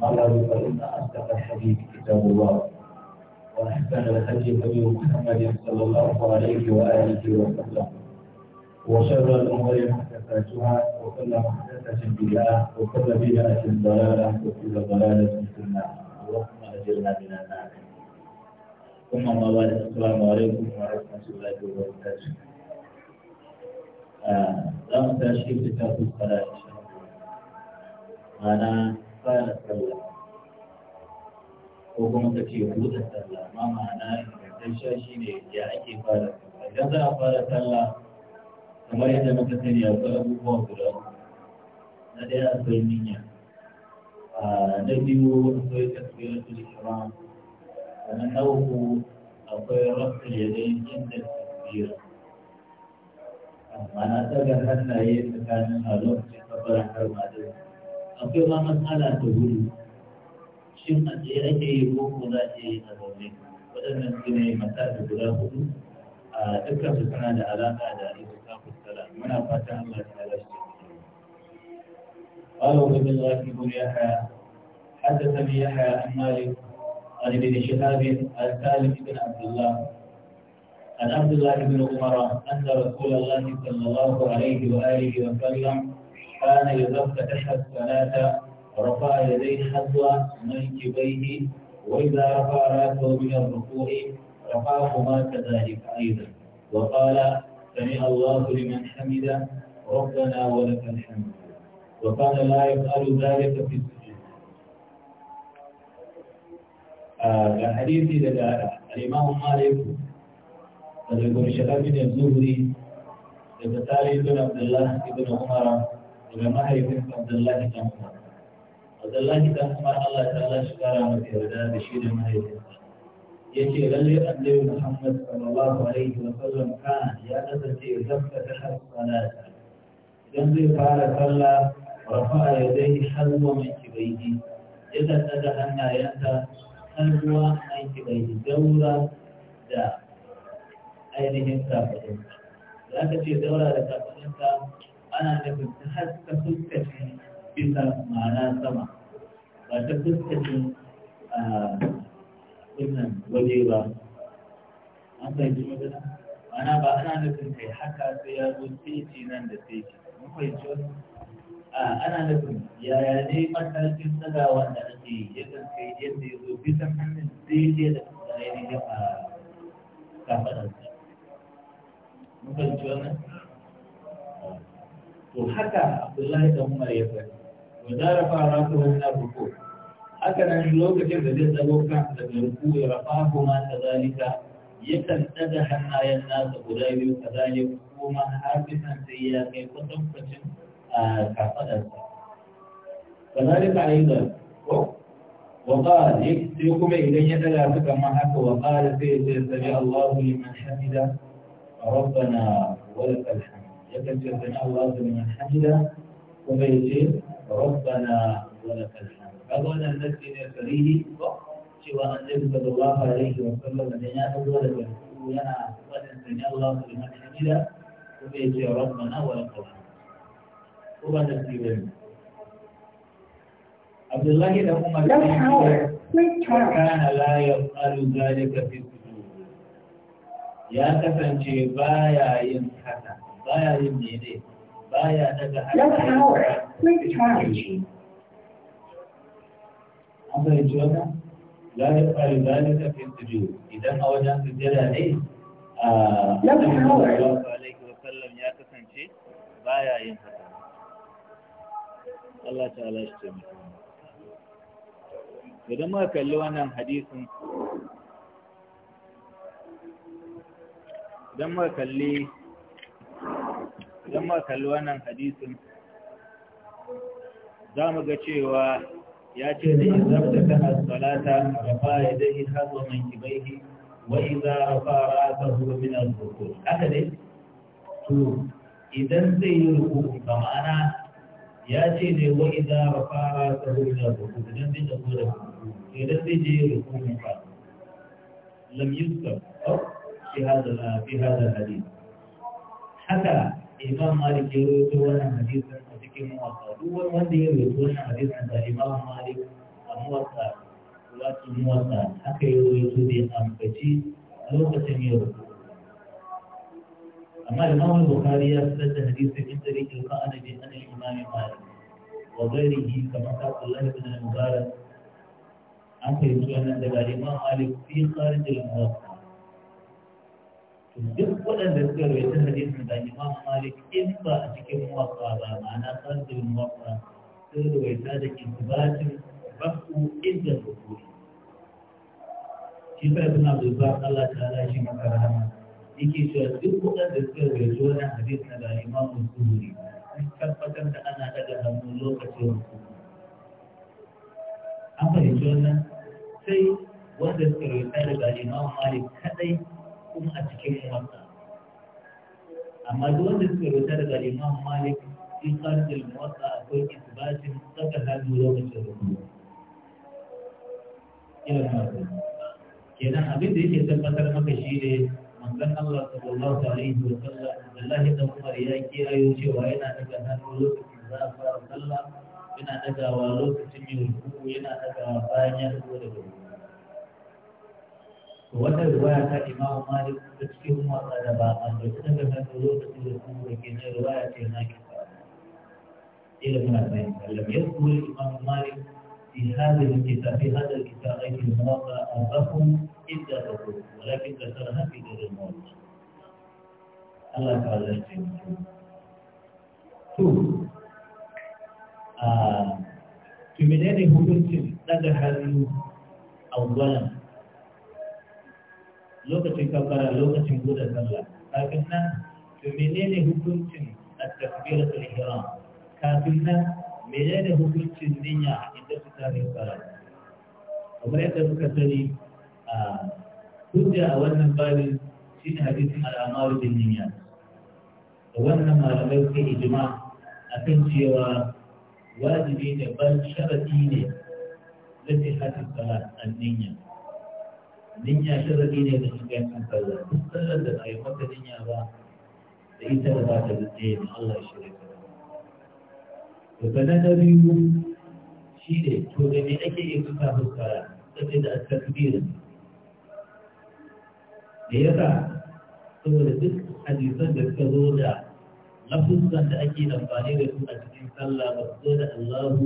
قالوا فإن أصدق الحديث كتاب الله وأحسن الهدي هدي محمد صلى الله عليه وآله وسلم وشر الأمور محدثاتها وكل محدثة بدعة وكل بدعة ضلالة وكل ضلالة في النار اللهم أجرنا من النار ثم أما بعد السلام عليكم ورحمة الله وبركاته آه، لا تشكي كتاب الصلاة معنا fara sallah ko kuma ka ce buɗe sallah ma ma'ana ingantacciya shi ne ya ake fara sallah idan za a fara sallah kamar yadda muka sani akwai abubuwa guda uku na ɗaya akwai niyya na biyu akwai tasbiratul ihram sannan na uku akwai rasul yadayn inda tasbira ma'ana daga hannaye tsakanin a lokacin kafaran har ma da akwai ma matsala ta wuri shin a tsaye ake yi ko ko za a yi a zaune waɗannan su ne matsala guda hudu a dukkan su suna da alaƙa da isuka fuskala muna fatan Allah ta lashe قال وابن الله بن يحيى حدثني يحيى عن مالك عن ابن شهاب عن سالم بن عبد الله عن عبد الله بن عمر ان رسول الله صلى الله عليه واله وسلم كان إذا أحد ثلاثة رفع يديه حذو منكبيه وإذا رفع رأسه من الركوع رفعهما كذلك أيضا وقال سمع الله لمن حمده ربنا ولك الحمد وكان لا يفعل ذلك في السجود كحديث آه، لدى الإمام مالك يقول فذكر شباب الزهري لتتالي بن عبد الله بن عمر daga mahaifin Abdullahi dan Umar Abdullahi dan Umar Allah ta'ala shi kara masa yarda da shi da mahaifinsa yace lalle annabi Muhammad sallallahu alaihi wa sallam kana ya kasance zakka ta har salata idan zai fara sallah rafa'a yadayhi halwa min kibayhi yana daga hannayensa halwa min kibayhi daura da ainihin kafaɗinsa da aka ce daura da kafaɗinsa ana da ta haska fuskacin bisa ma'ana sama ba ta fuskacin wannan waje ba an fahimci magana ma'ana ba ana nufin kai haka sai ya zo teji nan da teji mun fahimci wani ana nufin yaya ne matakin tsagawa da ake yi yakan kai yadda ya zo bisa hannun daidai da ga a kafaɗarsa mun fahimci wannan وحكى عبد الله بن عمر يقول وزار فاراته من الركوع حكى عن شلوك كيف جزا بوكا من الركوع كذلك يكن تدها الناس وكذلك وما حافظا سياقي قدم كذلك أيضا وقال يكتبكم إلي ثلاثة ما وقال في سبيل الله لمن حمد ربنا ولك الحمد يكن من الله لمن حمده وبيجي ربنا ولك الحمد فقال الذي يسريه سوى أن صلى الله عليه وسلم من أول وينا من الله لمن حمده وبيجي ربنا ولك الحمد هو نسيبه عبد الله بن عمر كان لا يفعل ذلك في السجود يا كفن بايا ينحسن baya yin mene baya daga hannu an fahimci wannan la ya faru zalika fi sujud idan a wajen sujjada ne a sallallahu alaihi wa sallam ya kasance baya yin haka Allah shi idan muka kalli wannan hadisin idan muka kalli idan ma kalli wannan hadisin za mu ga cewa ya ce da izabta kana salata rafa ya yi hazo man kibaihi wa iza rafa ra'atahu min al-ruku haka dai to idan zai yi ruku ba ma'ana ya ce ne wa iza rafa ra'atahu min al-ruku idan zai zuwa da ruku idan zai je ruku ba lam yusuf oh, fi hada fi hada haka imam malik ya rubuto wannan hadisin a cikin muwatta duk wanda ya rubuto wannan hadisin da imam malik a muwatta wato muwatta haka ya rubuto bai ambaci lokacin ya rubuto amma imam malik bukari ya fitar da hadisin in tsari kirka ana bin ana imam malik wa gari yi kamar ka kula da mubarak an fahimci wannan daga imam malik fi karin da muwatta duk waɗanda suka rubuta hadisin da Imam Malik in ba a cikin muwaffa ba ma'ana sarfin muwaffa sun rubuta da intibatin rafu inda rukuri shi sai suna zuba Allah ta ala shi maka rahama yake cewa duk waɗanda suka rubuta wannan hadisin da Imam Zuhri sun tabbatar da ana daga hannu lokacin rukuri an fahimci wannan sai wanda suka rubuta da Imam Malik kadai kuma a cikin muwatta amma duk wanda suka rubuta daga imam malik fi qalbil muwatta akwai isbatin saka hannu lokacin rubutu ila muwatta kenan abin da yake tabbatar maka shi ne manzon Allah sallallahu alaihi wa sallam Allah dan Umar ya kiyayo cewa yana daga hannu lokacin za a fara sallah yana dagawa lokacin mai rubutu yana dagawa bayan ya zo da rubutu wannan riwaya ta imamu malik da cikin wasa da ba a da kuma da kan lokacin da kuma da ke na riwaya ce na ke fara ila muna fahimta lam yadkur imamu malik في هذا الكتاب في هذا الكتاب أي في المواقع أربهم إلا تقول ولكن ذكرها في غير المواقع الله تعالى يجزيك شوف في منين هو يمكن هذا أولا lokacin kafara lokacin buɗe sallah kafin nan to menene hukuncin at-takbiratul ihram kafin nan menene hukuncin niyya inda su tare fara kamar yadda suka sani a hujja a wannan babin shine hadisin al-amaru bin niyya da wannan malamai suka ijma akan cewa wajibi ne ban sharadi ne lati hadis salat an-niyya ninya sharadi ne da ingancin sallah duk sallar da ba yi maka ninya ba da ita da za ta zuce da Allah shi da ta to sanan na biyu shi ne to da me ake yi kuka fuskara sai da takbir da yasa saboda duk hadisan da suka zo da lafuzan da ake amfani da su a cikin sallah ba su zo da Allahu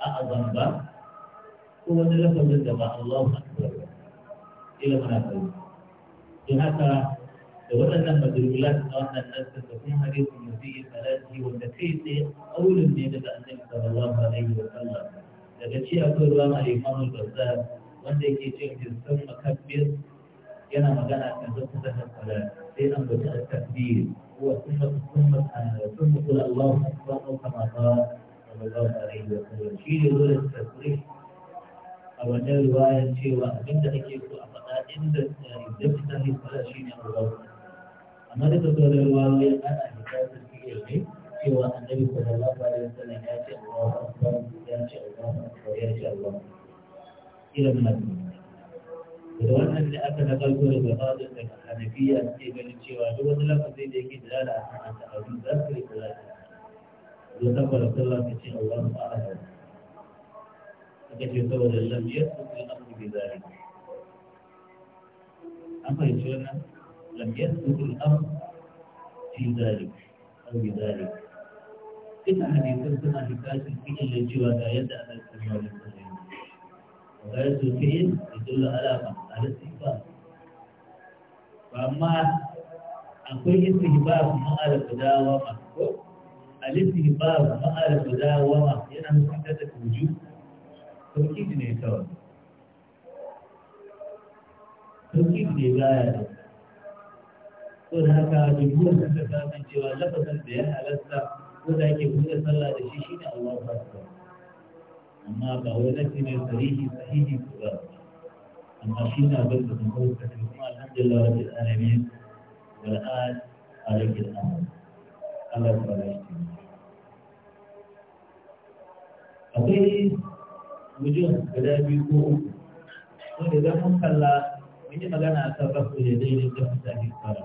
a'azam ba ko wani lafazin da ba Allahu إلى مناسبة لهذا وأن المدلولات أن الناس تكون حديث النبي صلى الله عليه وسلم أول من النبي صلى الله عليه وسلم لكن شيء أقول لما الإمام البزار وأنه يجب أن يستمع كبير ينا مجانا أن تكون تحت الصلاة سيئا بجاء التكبير هو ثم ثم ثم قل الله أكبر كما قال صلى الله عليه وسلم شيء يقول التصريح أو أن الرواية شيء وأن من ذلك يقول inda ya fita ne tsara shi ne a amma da ta tsoron ruwa ya ana hita su fiye ne cewa annabi sallallahu alaihi wasallam ya ce Allahu akbar ya ce Allahu akbar ya ce Allahu ila mun da wannan ne aka na kalko da gabatar da hanafiya suke ganin cewa duk wani lafazi da yake da a kan al'adu za su yi kula da tabbata sallah ta ce Allahu akbar aka ce saboda lam yasbu al-amru bi zalika أما يشعرنا لم يذكر الأمر في ذلك أو بذلك إن حديث السنة حكاية في إلا جوا داية على السميع والسلام وغاية الفيل يدل على ما على استحباب وأما أقول استحباب ما على قداوة ما الاستحباب ما على قداوة ما ينهى مسكتك وجود فكيف نتوقف توكيد بداية don haka jimhur sun ka samun cewa lafazin da ya halatta ko da ake buɗe sallah da shi shine Allah ba su amma ba wai nasi ne sahihi sahihi ku ba amma shi na bin da sun kawo kafin kuma alhamdulillah wa bil alamin wal an alaikil amal Allah ta ba shi akwai wujuh guda biyu ko uku wanda idan mun kalla mun yi magana a kan rafu da zai rinka fita fi fara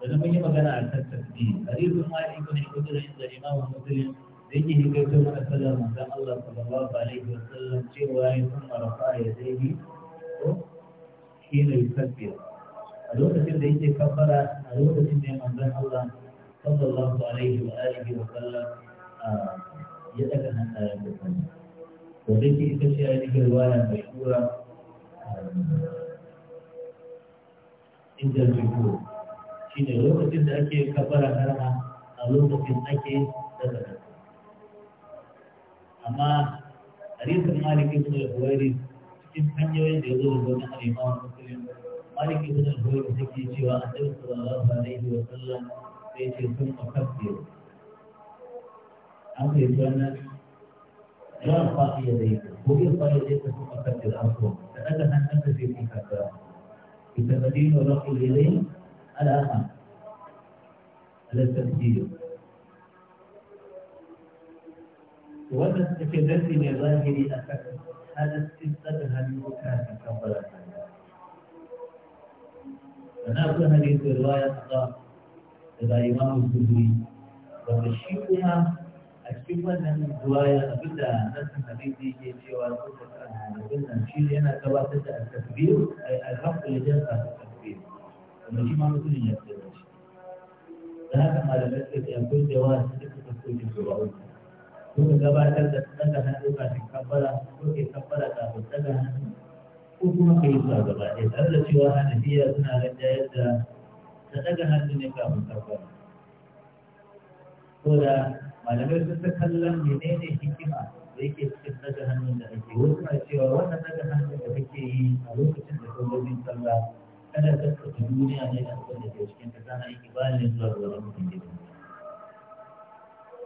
sannan mun yi magana a kan tasbi hadisin ma ibn ibn da imam muslim da yake hikaito mana sallar manzon Allah sallallahu alaihi wa sallam cewa ya san rafa ya zai ko shi ne tasbi a lokacin da yake kafara a lokacin da manzon Allah sallallahu alaihi wa alihi wa sallam ya daga hannayen da sallah to dake ita ce ainihin ruwaya mai shura inda zuku shi ne lokacin da ake kabara harama a lokacin ake daga nan amma a hadisin maliki ibn al-huwairi cikin hanyoyin da ya zo da wani al-imam muslim maliki ibn al-huwairi take cewa annabi sallallahu alaihi wa sallam sai ce sun makabbir an kai wannan ya fa iya dai ko ya fa iya dai sun makabbir an ko da daga hannun da zai fi kabbara بالتمرين ورفع اليدين الآخر على التسجيل وما من ظاهر أثر هذا استدها المكان أنا أقول هذه الرواية إلى إمام الزهري وتشيكها a cikin wannan zuwa ya ruwaya abinda nasin hadisi ke cewa suka abin nan shi yana gabatar da tasbih ai alhamdulillah da tasbih kuma shi ma mutum ya tsaya shi da haka malamai suka ce akwai jawabi da suka fuskoki zuwa uku ko ka gabatar da daga hannu kafin kabbara ko ke kabbara kafin daga hannu ko kuma ka yi su gaba ɗaya tare da cewa hanafiya suna rinjayar yadda ta daga hannu ne kafin kabbara Koda malamai sun ta kallon menene hikima da yake cikin daga hannun da ake wasu na cewa wannan daga hannun da kake yi a lokacin da bin sallah kada ka tafi duniya ne da abin da ke cikin ta kana yi kibalin zuwa ga wani mutum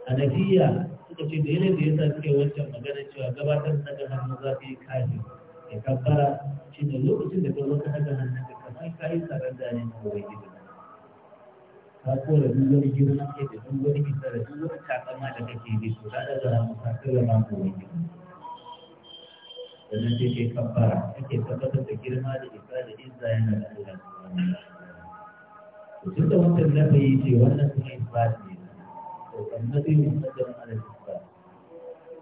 A nafiya suka ce da yanayin da ya sa suke wancan magana cewa gabatar da daga hannun za ta yi kafin ya kafara shi ne lokacin da ka zo ka daga hannun ka kamar ka yi tsaron da ne na ubangiji ka kora duk wani girma ke da duk wani isa da duk wani takama da kake yi su da da mu ka kira ma ko wani sannan sai ke kafara kake tabbatar da girma da isa da izza yana da Allah to tun da wannan da bai ce wannan kuma isbat ne to sannan sai mu tsada mu ala isbat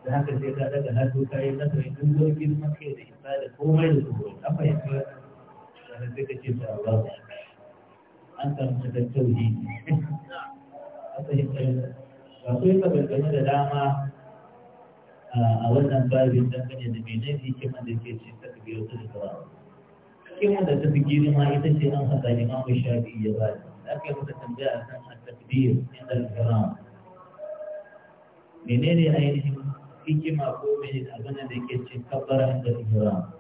da haka sai ka daga na hannu kai na sai duk wani girma ke da isa da komai da komai an fahimci wannan sannan sai ka ce da Allah an samu da tauhi a fahimtar ba ku yi maganganu da dama a wannan babin dangane da mene hikimar da ke ce ta biyo ta da gaba hikimar da ta fi girma ita ce an haka imamu shafi ya ba da aka yi masa tambaya a kan at-takbir inda da kiram menene ainihin hikima ko mene abin da ke ce kabbara inda al-kiram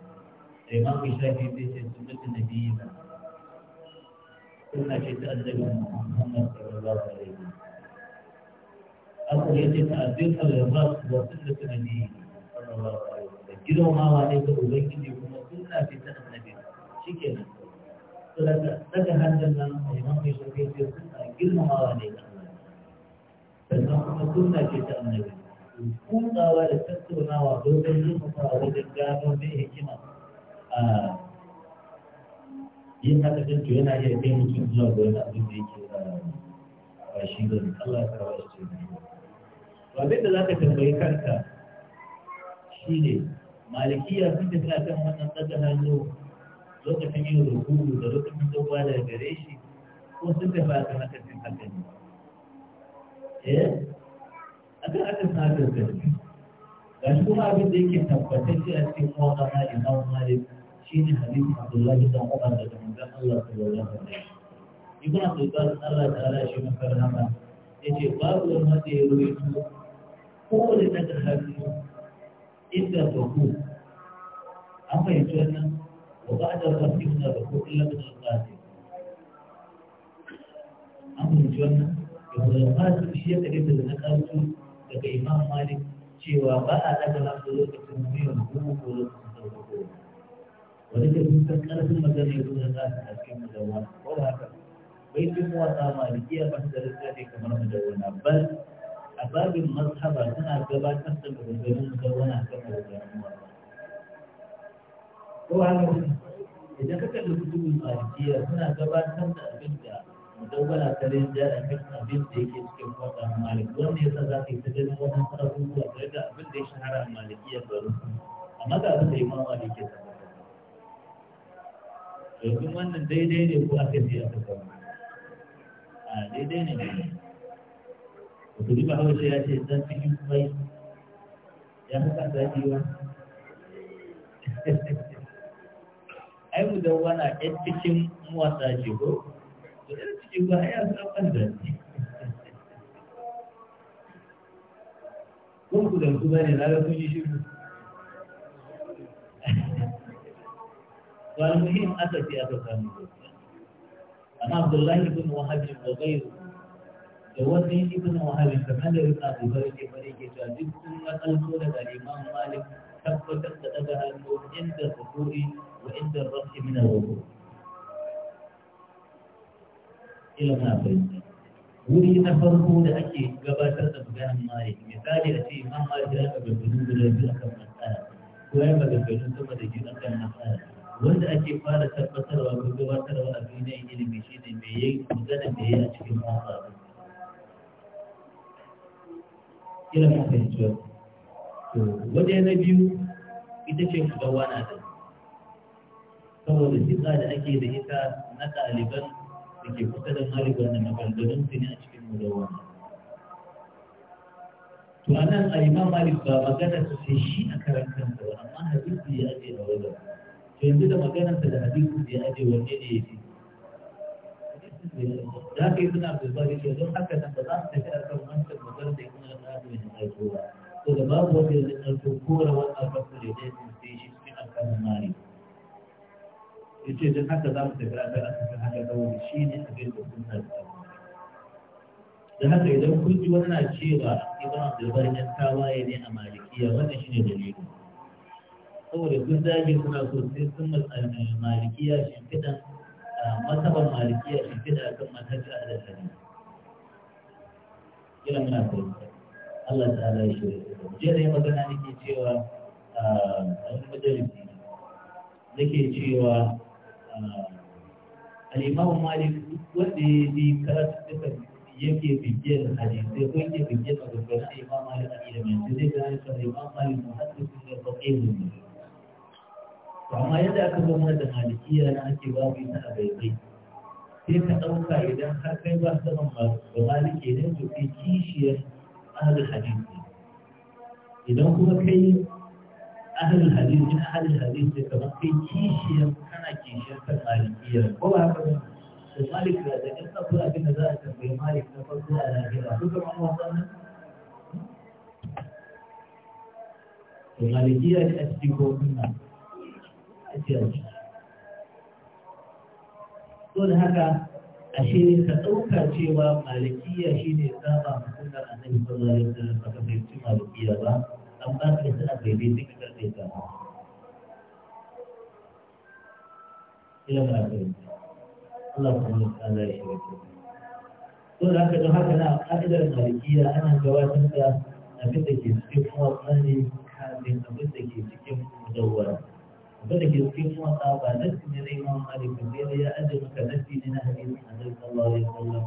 imamu shafi zai ce mutu na biyu ba. suna ce ta annabi Muhammad sallallahu alaihi wasallam akwai yace ta azir al-ras wa sunnatu nabi sallallahu alaihi wasallam girmamawa ne ga ubangiji kuma sunna ce ta annabi shikenan to daga daga hannun nan imam mai shafi ce girmamawa ne ga sannan kuma sunna ce ta annabi kutsawa da tattaunawa dogon zurfafa a wajen gano mai hikima a ah, yin haka din to yana iya kai mutum zuwa ga wani abin da yake ah, ba shi ba ne Allah ya kawo shi ne to abin da za ka tambayi kanka shine malikiya sun tafi akan wannan tsaga hannu lokacin yin rukuku da lokacin zuwa daga gare shi ko sun tafi akan haka sun haka ne eh akan haka sun haka ne ga shi kuma abin da yake tabbatacce a cikin mawana imam malik شين حديث عبد الله بن عمر رضي الله الله عليه ابن عبد الله تعالى شنو فرحنا يجي باب لما يروي هو اللي تدخل إلا الركوع أما يجونا وبعد الركوع من الركوع إلا من القاتل أما يجونا يقول القاتل هي تجد النقل لك إمام مالك شيء وباء أدل أخذ لك تنمية الركوع ولك الركوع wani da sun san ƙarfin magana ya zuwa za su ɗauke mu da wani ko da haka bai fi mawasa malikiya ba su da littafi kamar mu da wani bal a babin mazhaba suna gabatar da maganganun mu da wani akan maganganun mu ko haka idan ka kalli kutubin malikiya suna gabatar da abin da mudawwala ta rinja da kan abin da yake cikin mawasa malik wanda ya sa za ka yi ta ganin waɗansu abubuwa tare da abin da ya shahara malikiya garin amma ga abin da ya mawa da ke tabbata domin wannan daidai ne ko aka ce aka kawo a daidai ne ne wato riba ce ya ce zan cikin mai ya haka ta ba, wa ai mu dawo na ɗan cikin wasa ce ko su ɗan cikin ba ya san da ne ko ku da ku bane na ga kun yi shiru والمهم أتى في أتفهم أنا عبد الله بن وهب وغيره جوزي بن وهب كمان رفع أبو بكر فريق جاذب ثم ألقوا الإمام مالك تبقى تبقى النور عند الركوع وعند الرفع من الوضوء إلى ما بين ولي na لأكي da ake مالك مثالي أتي إمام مالك a ce imam malik ya ka gagganu guda wanda ake fara tabbatarwa ko gabatarwa a duniyan ilimi shi ne mai yi magana da ya a cikin masu abu kira mun fahimci wa to waje na biyu ita ce shugaba wana da saboda kitsa da ake da ita na ɗaliban da ke kusa da maribar da maganganun su ne a cikin mulawana to a nan a imam malik ba magana su sai shi a karan kansa amma hadisi ya ce a wajen yanzu da maganarsa da hadisin da ya aje wanne ne ya fi da aka yi suna abdulbari ke don haka nan ba za su tafi kan wancan maganar da kuma na tsarin mai aiko ba to da babu wanda ya zai ɗauko kora wannan fasu da zai sai shi an kama mari ya ce don haka za mu tafi a akan asalin haka kawai shi ne abin da sun na da haka idan kun ji wani na cewa ibn abdulbari ɗan tawaye ne a malikiya wannan shi ne dalilin saboda sun zage suna so sai sun malikiya shimfiɗan masaban malikiya shimfiɗa a kan manhaji a da hadisi kira muna fahimta Allah ta'ala ya shirya jiya da magana nake cewa a wani majalisi nake cewa al'imamu malik wanda ya bi karatu duka yake bibiyar hadisai ko yake bibiyar maganganun imam malik a ilimin sai zai gane cewa imam malik muhaddisin da faƙihin ne to amma yadda aka zo mana da malikiya na ake babu ita a baibai sai ka ɗauka idan har kai ba saman ba malike ne to kai kishiyar ahlul hadis ne idan kuma kai ahlul hadis ne ahlul hadis ne kamar kai kishiyar kana kishiyar kan malikiya ko ba haka ba to malik da da kan sabu abin da za a tambayi malik na farko a lahira duka ma wannan to malikiya ne a cikin kofin nan الجرح دون هكا أشيني تتوقع شيوا مالكية شيني سابا مكونا أنه يقول الله يبتل فكما يبتل مالكية با أم بات لسنا بيبي ذكر ذكر إلى الله سبحانه وتعالى يشهد لك. قل هكذا هكذا قائد المالكية أنا جواز أنت أبدك في حوار ثاني كان من أبدك في كيف مدورة. بل يمكن وقابا نسمي الإمام مالك بن يا أدمك نسمي لنا حديث النبي صلى الله عليه وسلم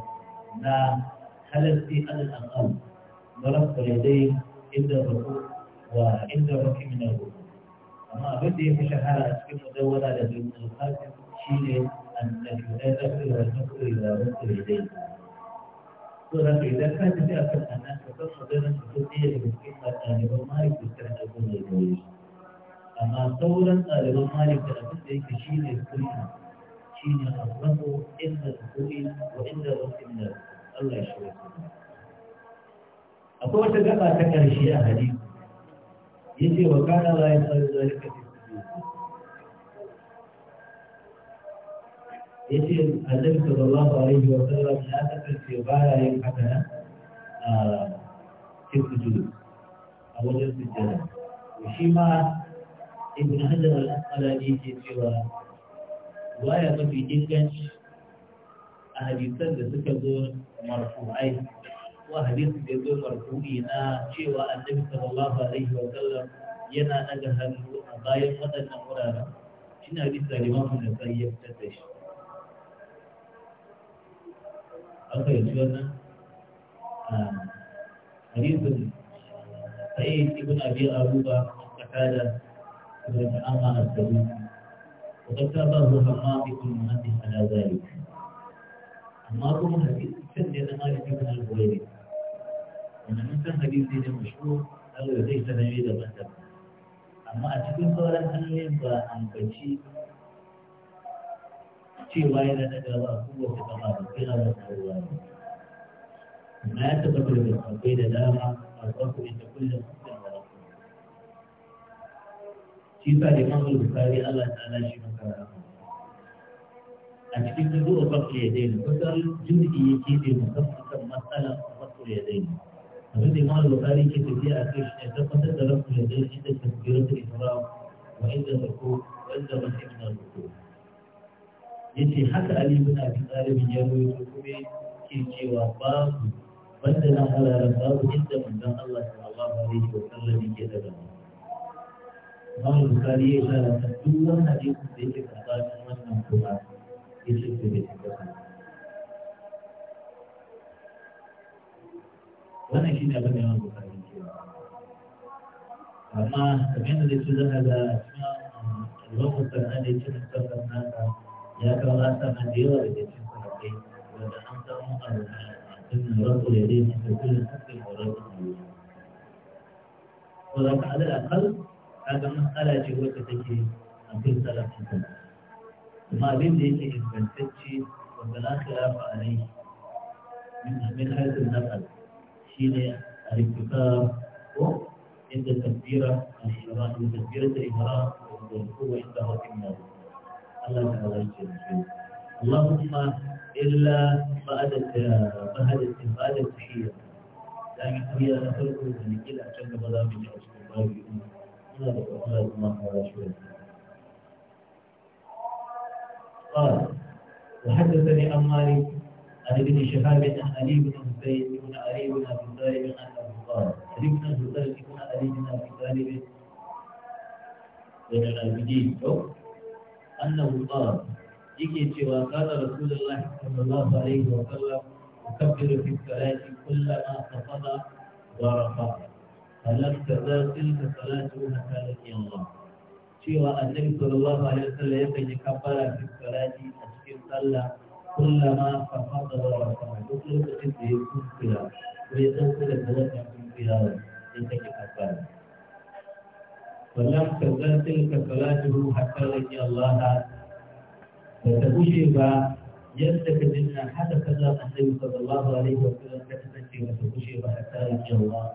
لا حلفتي على الأقل ضربت يدي عند الركوع وعند الركوع من الركوع أما بدي في شهر أسكن مدونة لابن القاسم شيء أنك لا تغفر والمكر إذا ربت يدي ولكن إذا كانت في أكل أنك تغفر مدونة تغفر يدي بسكين مالك بن مالك بسكين أقول لك amma sauran ɗaliban malik da abin da yake shi ne kulka shi ne arzaku inda kuri wa inda wasu da Allah ya shirya akwai wata gaba ta ƙarshe a hadisi yace wa kana la yasalu zalika fi yace annabi sallallahu alaihi wa sallam ya kasance baya yin haka a cikin sujud a wajen sujjada shi ma ibn hajar al-asqalani ke cewa waya mafi inganci a hadisan da suka zo marfu'ai ko hadisin da zo marfu'i na cewa annabi sallallahu alaihi wa sallam yana daga hannu a bayan waɗannan wuraren ina bisa limamin da sai ya fitar da shi an fahimci wannan hadisin sai ibn abi abuba qatada أمر السبيل وقد تابعه حماد في مهندس على ذلك عمار بن حديث سند إلى مالك بن الهويري أن مثل حديث سيدنا مشهور أو يزيد تلاميذ بندر أما أتكون قولا أنوين فأنبتشي cewa yana da gaba kowace gaba da في da في Na ya ما da akwai da dama a tsawon kuɗin da shi sa da imam al-bukhari Allah ta'ala shi maka a cikin da zuwa bakar ya daina kusan juri'i ya keɓe musamman kan matsalar bakar ya daina abin da imam al-bukhari ke tafiya a kai shi ne tabbatar da bakar ya daina inda tasbiratul ihram wa inda ruku wa inda masjid na ruku yace haka ali bin abi talib ya rawaito kuma ke cewa babu banda na halalan babu inda manzon Allah sallallahu alaihi wa sallam yake daga mu Imam Bukhari ya shara ta duk wani hadisi da yake tsakanin wannan kuma ya ce ta bai tabbata. Wannan shi ne abin da Imam Bukhari ke Amma kamar yadda zai ce zaka ga Imam Bukhari ne cikin tsakanin nasa ya kawo asana da yawa daga cikin sahabbai wanda an samu a cikin rabu ya dai masu kullum hakan da rabu. Ko za ka ala akal kaga matsala ce wacce take abin salafin ta kuma abin da yake ingantacce wanda na a rai? min min hadin shi ne a iktikar ko inda takbira al-ihram da takbirat al-ihram da kuwa inda hakim na Allah ta halarci shi Allahumma illa ba'da ba'da ba'da tahiyya dan na farko da nikila can gaba za mu ji a cikin babu قال وحدثني عن مالك عن ابن شهاب عن علي بن حسين بن علي بن ابي طالب عن ابو قال علي بن حسين بن علي بن ابي طالب بن العابدين انه قال yake cewa kada rasulullahi sallallahu alaihi wa sallam yukabbiru fi salati kullama qasada wa rafa'a ألم تزال تلك صلاة مكانك يا الله شوى النبي صلى الله عليه وسلم يقول كبر في الصلاة أشكر صلى كلما فقدر ورقم يقول كتب يكون فيها ويتنسل الزلاف يكون فيها يقول كبر ولم تزال تلك صلاة مكانك يا الله فتبشر يلتك منا حتى كذا النبي صلى الله عليه وسلم كتبت في مسكوشي وحتى الله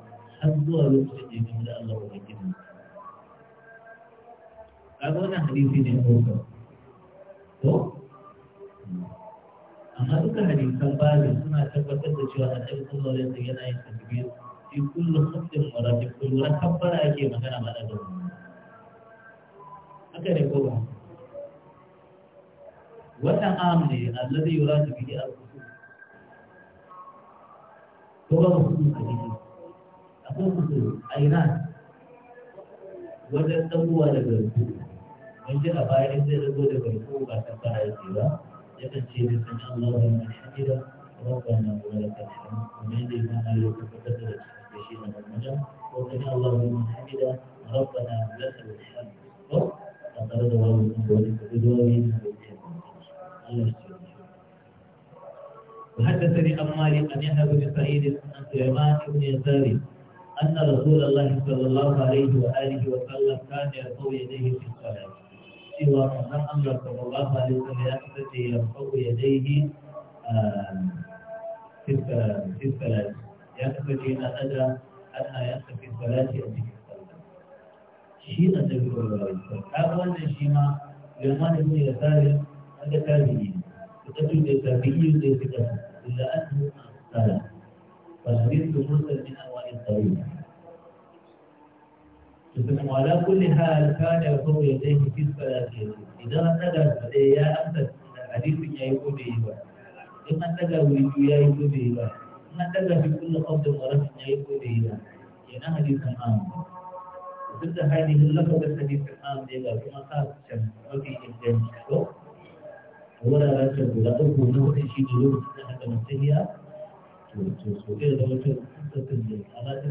har zuwa lokacin da ya da Allah wa bakin mu kaga wannan hadisi ne ko ko amma duka hadisan bari suna tabbatar da cewa annabi sallallahu alaihi wasallam yana yin takbir fi kullu khafdin wa rafi kullu kabbara yake magana ba da haka ne ko ba wannan am ne alladhi yuradu bihi a usul ko ba mu hadisi تubdu a ina wajen ɗaguwa da garku mun ji a bayan zai rago da garku ba ta fara yake ba ya kan ce da sanya Allah wa mai hamida ربنا ولك الحمد ومن لمن لك فتدرج بشيء من النجم وسمع الله لمن حمده ربنا لك الحمد فقال الله من ذلك بدوام وحدثني عن مالك ان يحيى بن سعيد عن سليمان بن يساري أن رسول الله صلى الله عليه وآله وسلم كان يرفع يديه في الصلاة سوى أن أمر صلى الله عليه وسلم يقصد يرفع يديه آه، في الصلاة يقصد إلى أدى أن يقصد في الصلاة يأتي شيء النبي صلى الله عليه وسلم هذا الشيء ما لما نقول يسار هذا تابعين وتجد تابعين ليس إلا أنه صلاة فالحديث مرسل من أول الطويلة على كل حال كان يرفع يديه في الصلاة إذا أنت فليه يا أنت الحديث يا يقول إيه إن أنت ويجو يا يقول إيه إن أنت في كل قبض ورفع يا يقول إيه إن حديث عام ضد هذه اللفظ الحديث العام إذا كما قال شمس وفي إنجاز شو ولا لا تقول لا نور نوع شيء يقول أنها تمثلها وحدثني عن مالك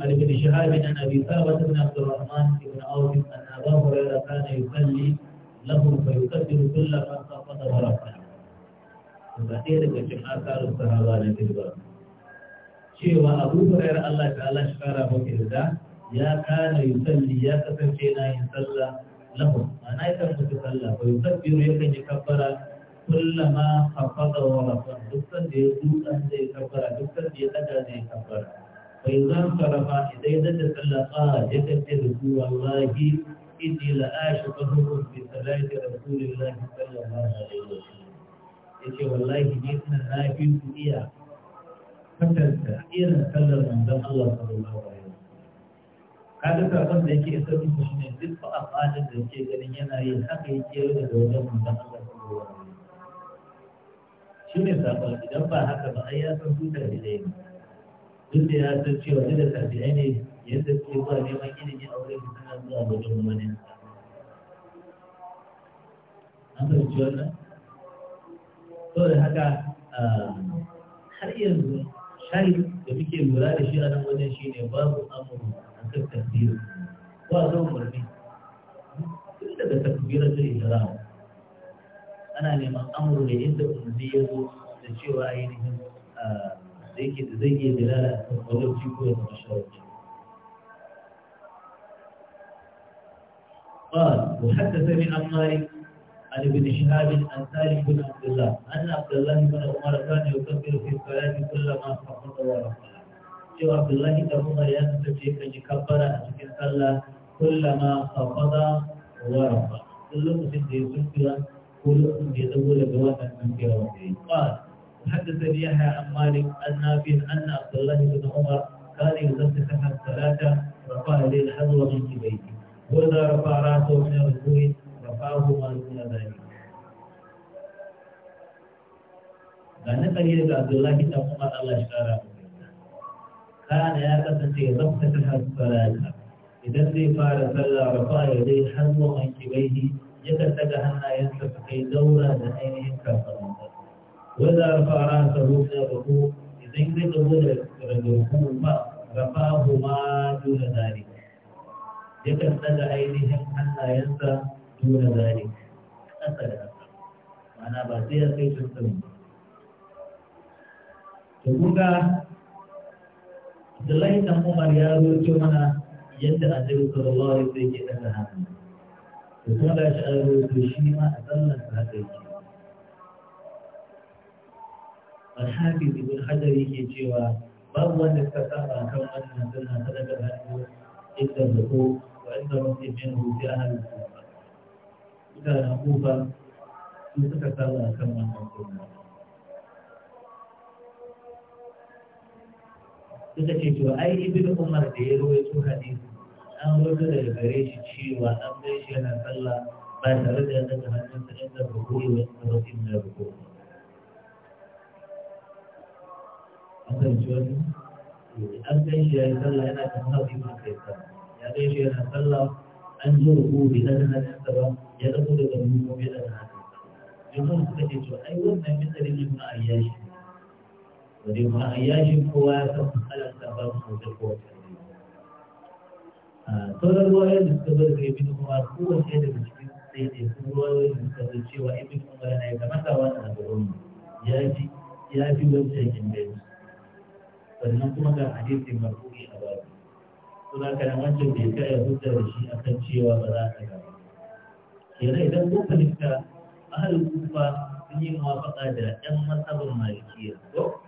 عن ابن شهاب عن ابي ثابت بن عبد الرحمن بن عوف ان ابا هريره كان يصلي له فيقدر كل ما سقط ورفع وكثير من قال الصحابه على cewa abu hurairar هريره الله تعالى شكرا fara يا كان يصلي يا كثر ya kasance lahum ma'ana yakan mutu sallah wa yusabbiru yakan yi kabbara kullama khafada wa rafa dukkan da ya dutsan zai kabbara dukkan da ya daga zai kabbara wa idan sarafa idan da sallah qala yakan ce da su wallahi inni la ashqahu bi salati rasulillahi sallallahu alaihi wa sallam yace wallahi ni ina na fi iya fatanta irin sallar manzon Allah sallallahu alaihi kaga sakon da yake isar musu shi ne duk ba al'adar da yake ganin yana yi haka yake yau da wajen da Allah sallallahu alaihi wasallam shi ne sakon idan ba haka ba ai ya san su da dai duk da ya san cewa duk da tabi'ai ne yadda ne ma neman ya aure da suna zuwa wajen wani an fahimci wannan da haka ah, har yanzu shayi da muke lura da shi a nan wajen shi ne babu amuru cikin tasiri ba zai umarni tun daga takbirar da ihramu ana neman amuru da inda umarni ya zo da cewa ainihin da yake da zai iya dalala a kan wajarci ko ya zama shawarci قال وحدثني عن مالك عن ابن شهاب عن سالم بن عبد الله ان عبد الله بن عمر كان يكبر في الصلاه كلما خفض ورفع cewa Abdullahi da Umar ya kasance kan yi kabbara a cikin sallah kullama kafada wa rabba duk lokacin da ya sunkuya ko lokacin da ya zago daga wannan sunkuya wanda ya yi qala حدثني يحيى عن مالك عن نافع ان عبد الله بن عمر كان يصلي سبع الصلاه رفع يديه الحذو من كبيه واذا رفع راسه من الركوع رفعه ما دون ذلك ga na tsari daga Abdullahi da Umar Allah shi kara mu كان يا كسنتي يفتتح الصلاة إذا لي فعل صلى رفع يديه من كبيه يكسك هنا ينسف في دورة دعينه كفرون وإذا رفع رأسه في الركوع إذا يمكن قبول الركوع رفعه ما دون ذلك يكسك عينهم حتى ينسى دون ذلك أسأل أسأل معنا بعدها كيف تسمى تقول da laidan umar ya roƙi mana yadda annabi sallallahu zai wasallam yake daga hannu da kuma da shi an roƙo shi ma a sallar sa haka yake al-hafiz ibn hajar yake cewa babu wanda suka saba kan wannan sunna ta daga hannu inda zuko wa inda mutum min hutu a hannun kufa mutanen kufa su suka saba kan wannan sunna suka ce to ai ibn umar da ya rawaito hadisi an rawaito daga gare shi cewa an bai shi yana sallah ba tare da yana da hannun sa inda rukuri wa inda rasul na rukuri an bai shi wani an bai shi yana sallah yana da hannun kai sa. ya bai shi yana sallah an zo na da hannun sa ba ya rabu da hannun sa suka ce to ai wannan misalin ibn ayyashi Wajen ma a yashin kowa ya san halarta ba su da kowace a sauran ruwayoyin da suka zo daga ibn umar kowace daga cikin sai ne sun ruwayoyin da suka bar cewa ibn kuma na ya kamata wannan a gaban mu ya fi ya fi wancan inganci sannan kuma ga hadisi marfu'i a babu suna kana wancan bai kai ya hujja da shi a kan cewa ba za ka gaba kenan idan kun fahimta ahalin kufa sun yi muwafaƙa da 'yan matsabar malikiya ko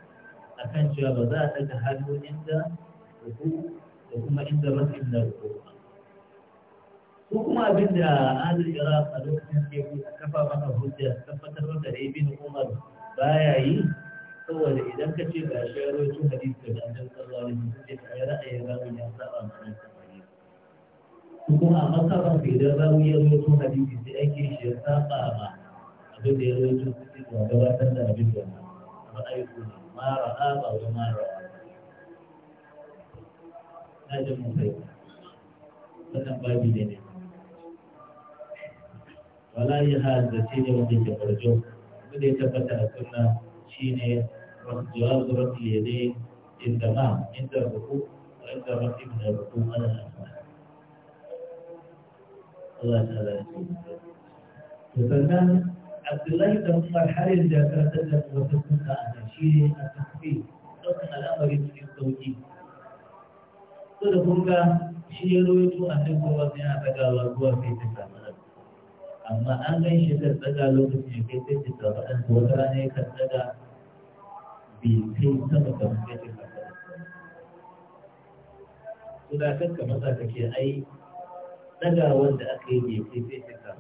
a kan cewa ba za a daga hannu inda ruku da kuma inda rasin da ruku ko kuma abin da adil iraq a lokacin a kafa maka hujja tabbatar da ibn umar baya yi saboda idan ka ce ga shi yaro cin hadisi da annabi sallallahu alaihi wasallam ya ce ra'ayin rawi ya saba mana Ko kuma a masaban bai da rawi ya zo cin hadisi sai ake shi ya saba ma abin da ya zo cin hadisi ba gabatar da abin da ra'ayi ko ne ما رآب وما رآب هذا مو فيه wannan babi ne ne wala yi shi ne wanda ke farjo abin da ya tabbata a sunna shi ne rasuwa zuwa yade inda ma inda ruku a inda rafi da ruku ana amfani Allah ta lafi to Abdullahi da Umar harin da karatar da wata kuka a nan shi ne a tafi ɗaukan al'amari cikin sauƙi. So da kunga shi ya roito a nan kowa sai yana tagawa zuwa sai ta samu nan. Amma an gan shi kan tsaga lokacin da kai sai ta samu nan to wata rana ya kan tsaga bai kai sama kamar kai ta samu nan. Suna kan kamar sa kake ai dagawar da aka yi bai kai bai cika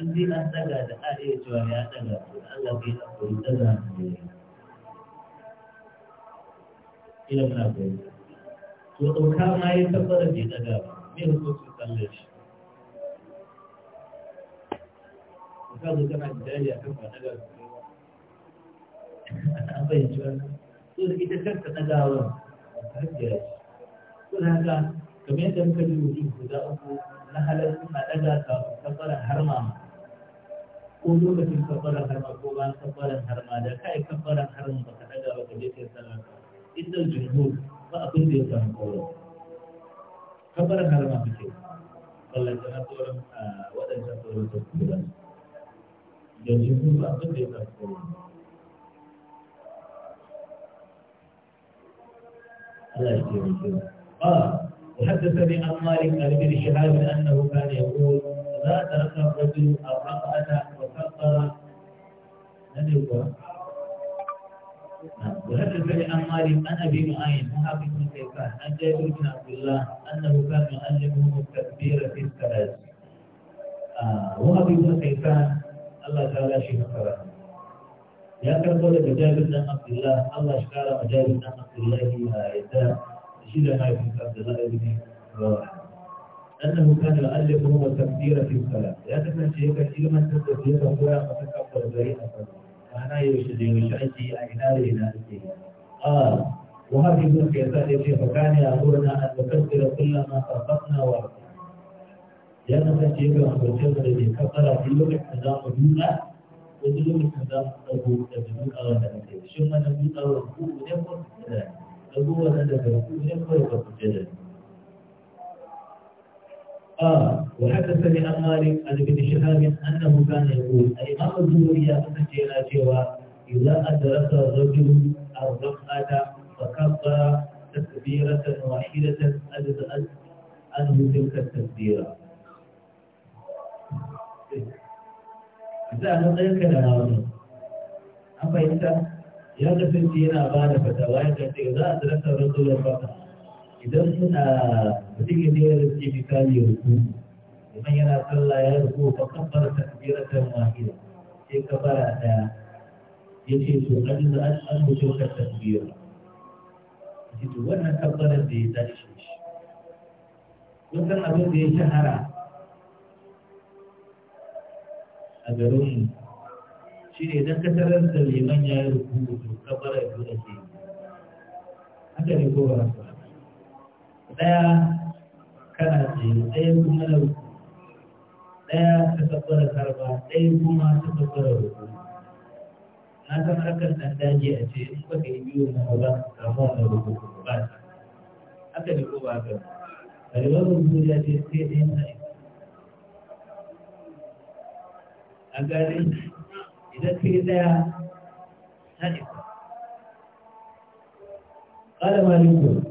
in dai an daga da a iya cewa ya daga to Allah bai da koyi daga ne ina muna koyi to dauka ma ya tabbata da daga me ko hukuncin sallar shi ka zo kana da dai akan ba daga an fahimci wannan to da ita kanta dagawar a kan jirashi. Kuna haka kamar yadda muka yi mutum guda uku na halar suna ɗaga kafin kafaran harma ko lokacin kafaran harma ko ba kafaran harma da kai kafaran harma ba ka ɗaga ba ka je kai sallah inda jumhur ba abin da ya samu kawo kafaran harma ba kake sallah ta tsoron waɗancan tsoron da su da da jumhur ba abin da ya samu kawo Allah ya ce mu ba ah, وحدثني عن مالك عن ابن شهاب انه كان يقول لا ترك الرجل الرقعه وكفر لم يقرا نعم. وحدثني عن مالك عن ابي معين محافظ بن كيفان عن جابر بن عبد الله انه كان يعلمه التكبير في الصلاه وابي بن كيفان الله تعالى شيخ يا كربلاء جابر بن عبد الله الله شكر جابر بن عبد الله يا شيء ما عبد الله بن رواحة أنه كان يؤلفهم التكبير في الكلام لا تفهم كثير من التكبير هو يتكبر بريئة معناه يشد يشعشي أعناه لنفسه قال وهذه ابن كيسان في فكان يأمرنا أن نكبر كل ما خلقنا وعرفنا لأن تكبير المجرد الذي كفر في لغة نظام دونه وفي لغة نظام أبو تبدو أو تنكير ثم نبوء أو نبوء نبوء ruwa na daga kujen kawai ba ku jira عن مالك عن ابن شهاب أنه كان يقول أي الإمام الزهري يقصد إلى جوا إذا أدرك الرجل أو الركعة فكبر تكبيرة واحدة أجزأت عنه تلك التكبيرة. إيه. إذا أنا غير كذا أنا أما إذا ya kasance yana ba da fatawa ya kasance za a tsirasa rasulun fata idan suna mutum ya zai rike misali ya ruku idan yana sallah ya ruku fa kabbara ta wahida sai ka fara daya ya ce to an za an an mutum ka takbira ji wannan kabbaran da ya tashi shi wannan abin da ya shahara a garin shi ne don ka da liman ya yi ruku to ka fara yi da ke haka ne ko ba su ɗaya kana ce ɗaya kuma na rukun ɗaya ta tabbara karba ɗaya kuma ta tabbara rukun na san harkar ɗan daji a ce in ka yi biyu na ba kamar na ruku ba ta haka ne ko ba haka ɗaliban ruku ya ce sai ɗaya na a gane إذا إذا هدف قال مالك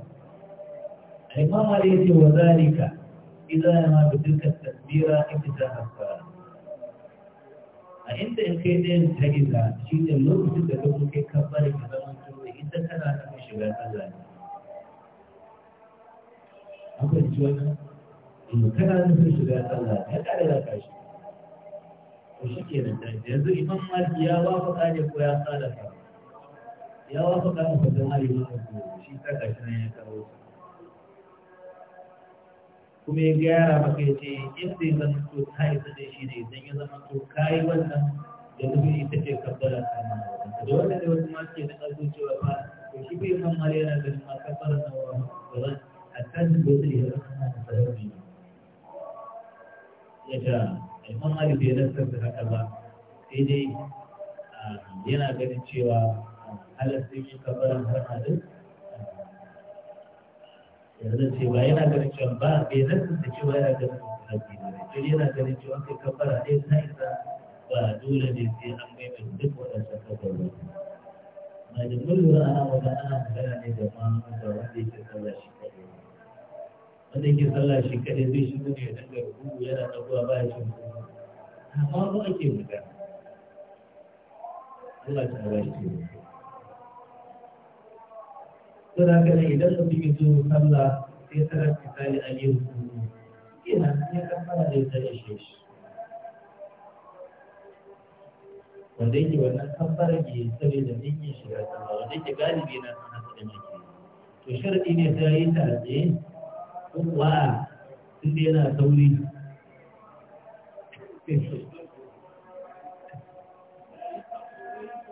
الإمام عليه وذلك إذا ما بتلك التدبيرة ابتداء الصلاة أنت إن كيدين تجد شيء لو بتدبر كي كبر كذا من إنت كان أنا مش غير الله أقول شو أنا إنه كان أنا مش غير الله هذا على لا كاش to shi ke da tashi yanzu imam mali ya wafaka ne ko ya sadaka ya wafaka mu fatan ayyuka ko shi ta gashi nan ya kawo kuma ya gyara maka ya ce in zai zama to ta isa da shi ne idan ya zama to yi wannan da zubi ta ce kabbala kama da wannan da wasu masu ke na ƙarfi cewa ba to shi bai san mali yana ganin ma kabbala na wa ba zan a kan da zai yi zama na sarari ya ja imam malik bai rantsar da haka ba sai dai ah, yana ganin cewa halar ah, sai yi kabarin sama din ah, yanzu ce ba yana ganin cewa ba bai rantsar da cewa yana ganin musulunci ba ne to yana ganin cewa kai kabara ɗaya ta isa ba dole ne sai an maimaita duk waɗansu kabarin ba. Majin mulura ana wata ana magana ne da ma wanda yake sallah shi wanda yake sallah shi kadai zai shi ne da dinga rubu yana kuwa ba shi cin amma ko ake magana Allah ta ba shi to da haka ne idan mutum ya zo sallah sai ya tsara misali an yi rubu ne ka fara da ta shi wanda yake wannan kafara ke saboda ninkin shiga sallah wanda yake galibi na sanar da yake to sharadi ne sai ta tsaye kuwa inda yana sauri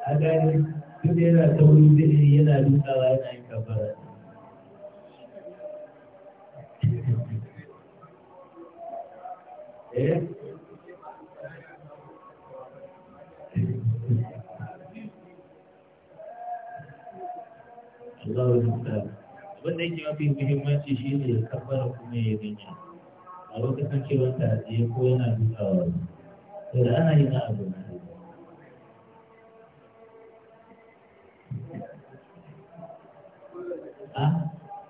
a gani inda yana sauri zai yana dutsawa yana yin kafara eh Allah ya wanda yake mafi muhimmanci shi ne ya kabbara kuma ya ganya a lokacin cewa ta ajiye ko yana dukawa to da ana yi na abu na a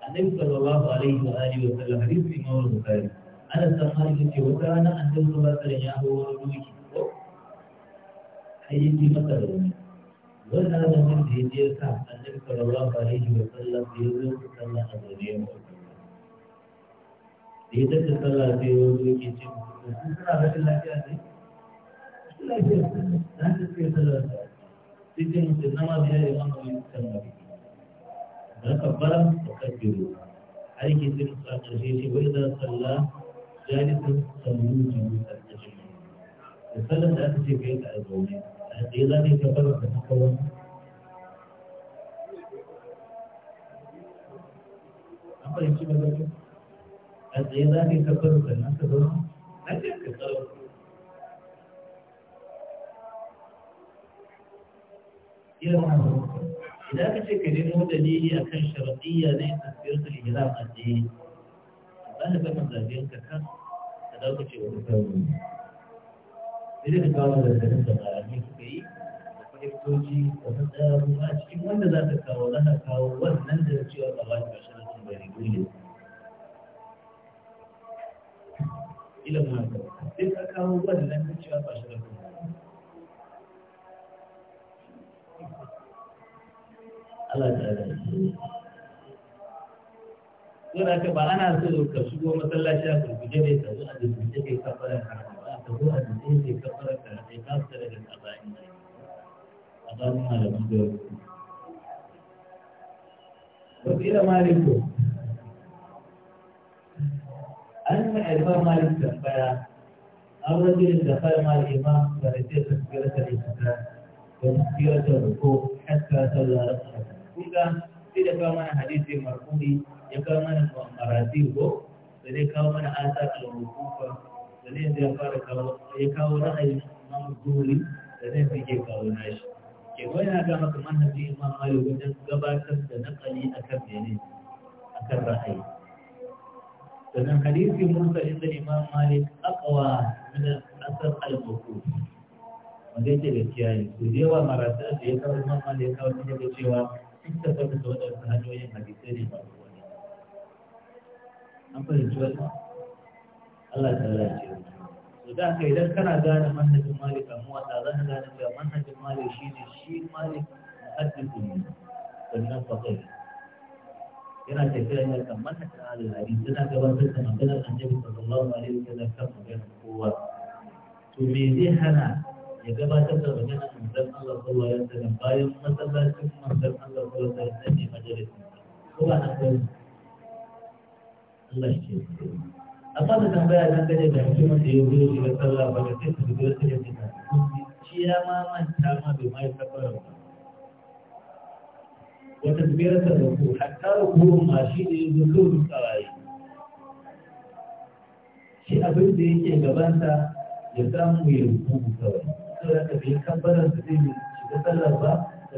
annabi sallallahu alaihi wa alihi wa sallam hadisi imam bukhari ana san malik yace wata rana annabi sallallahu alaihi wa sallam ya hawo wani doki ko hayyaci masa da wani wannan abin da ya je sa annabi sallallahu alaihi wa sallam ya zo ku sallah a zaune ya mutu da ya tafi sallah sai ya zo ke ce mutu suna rashin lafiya ne rashin lafiya na ta ce sallah ta sai ce mutu nama da ya yi wani wani sallah da ka bara da kabbiru aiki sai mutu a ƙarshe ce wai za sallah jalisun sallu jiru sallah da sallah da aka ce ka yi ka a zaune a tsaye ka da maka wannan an fahimci ba zai a tsaye za ka da na ce ka tsaro idan aka ce ka nemo dalili a kan sharaɗiyya na yin tafiyar da hijira a tsaye ba da kan zaɓen ka kan ka dauka ce wani kawai irin kawo da zanen da malamai suka yi da fahimtoci da matsaya kuma a cikin wanda za ta kawo za ta kawo wannan da cewa ba wani bashirin bari dole ilimin haka sai ta kawo wannan da cewa bashirin Allah ta da Don haka ba ana so ka shigo masallaci a kurkuje ne ka zo a jirgin kai kafaran harama. ka zo a jikin shi ka fara karfe ka su daga tsabani a tsarin malaman da wasu wakila maliku an mai alfar malik tambaya an rajin da fara malima ba da ce tasgirar da ita ومسيرة الركوع حتى صلى ركعة الأولى إذا كان من حديث مرفوع يكون من مراتبه فإذا كان من آثار الوقوف da ne ya fara kawo ya kawo ra'ayin imam zuhuri da ne sai ke kawo nashi ke kawai na ga maka manhaji imam ali wajen gabatar da nakali akan mene akan ra'ayi sannan hadisi musa inda imam malik aqwa min asar al-mawquf wanda yake gaskiya ne to je wa marasa da ya kawo imam malik ya kawo shi daga cewa duk da sabbata wadansu hanyoyin hadisai ne ba su wani an fahimci wannan Allah ta lalace to da haka idan kana gane manhajin malik a muwata za ka gane cewa manhajin malik shi ne shi malik muhaddisu ne sannan fakai yana tafiya ne kan manhajin alhari tana gabatar da maganar annabi sallallahu alaihi wa sallam kan maganar kowa to me zai hana ya gabatar da maganar manzon Allah sallallahu alaihi wa sallam bayan masallacin manzon Allah sallallahu alaihi wa sallam ne majalisin ko ba na kai Allah shi ke amma da tambaya nan gane da mutum da ya zo shi sallah ba da sai su zo su ga bid'a shi ya ma manta ma bai mai kafara ba wata tsibirarsa da ku hatta rukunin ma shi ne ya zo kawai tsawaye shi abin da yake gabanta, ya samu ya rubu kawai saboda ka bai kabbara su zai shiga sallar ba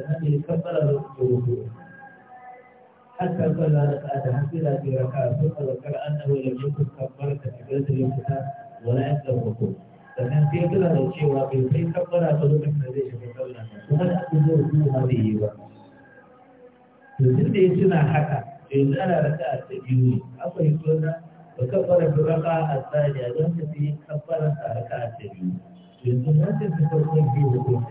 nan ya kabbara da su rubu حتى صلى ركعتها كلا في ركعة ثم ذكر أنه لم يكن كبرة تكبيرة الانتهاء ولا عند الركوع فكان في كلا الشيء في كي كبر قلوب النبي في قولنا وهل أقول هذه وتلك يسمع حكى إن أنا ركعة تجيوني أما يقولنا وكبر في الركعة الثانية لم في كبرة ركعة تجيوني يقول هذا في قولنا في وقوع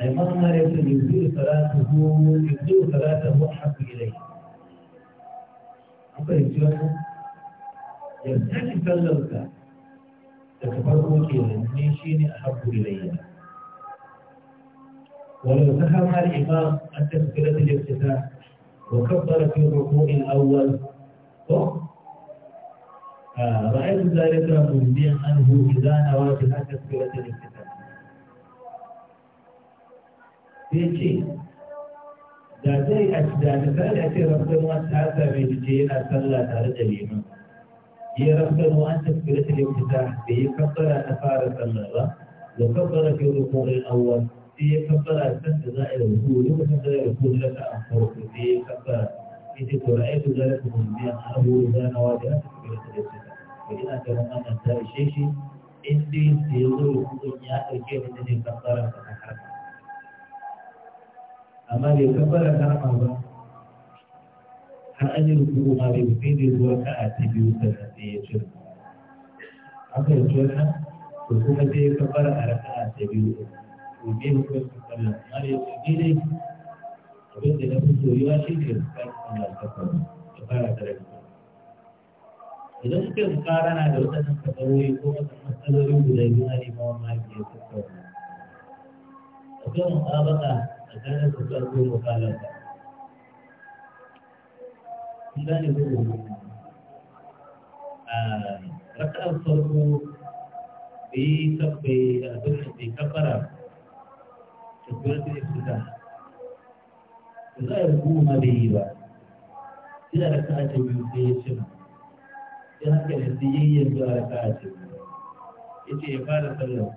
أي من أن يزيل صلاته يزيل صلاته أحب إليه أقول الجواب يرتكب صلوك تتفرق إلى شيء أحب إليه ولو سهم الإمام عن تكبيرة الافتتاح وكبر في الركوع الأول آه، رأيت ذلك منبيا عنه إذا نوى بها تكبيرة الافتتاح sai ce da zai a da misali a ce rafin wata ta same shi ce yana sallah tare da liman ya rafin wata ta fi da fita da ya kabbara ta fara sallah ba da kabbara fi rukunin awwal sai ya kabbara san da za a yi ruku lokacin da ya ruku da ta an farko sai ya kabbara ita ko ra'ayi ku zara ku mumbiya a abubuwan zanawa da aka fi da fita ko ina ganin wannan ta ishe shi in dai da ya zo rukun ya ɗauke da ta ne kabbara ta amma bai kabbara harama ba har an yi rukuku ma bai fi da zuwa ka'a ta biyu sannan sai ya cire aka yi wannan to kuma sai ya kabbara a raka'a ta biyu to bai hukuncin sallah amma da yake daidai abin da na fi soyuwa shi ne kan sallah ta kawo ya fara da raka'a idan suka yi kara na da waɗannan kasarori ko wasu matsaloli guda biyu na limawa ma ke tattauna. Akwai mu'abaka tsakanin kusan ko mukalata kun gane ko a raka'ar farko bai bai abin da bai kafara tabbiyar da ya fita ba za a yi ma bai yi ba ina raka'a ta biyu sai ya cin ya haka da yi yayyan zuwa raka'a ta ya ce ya fara sallar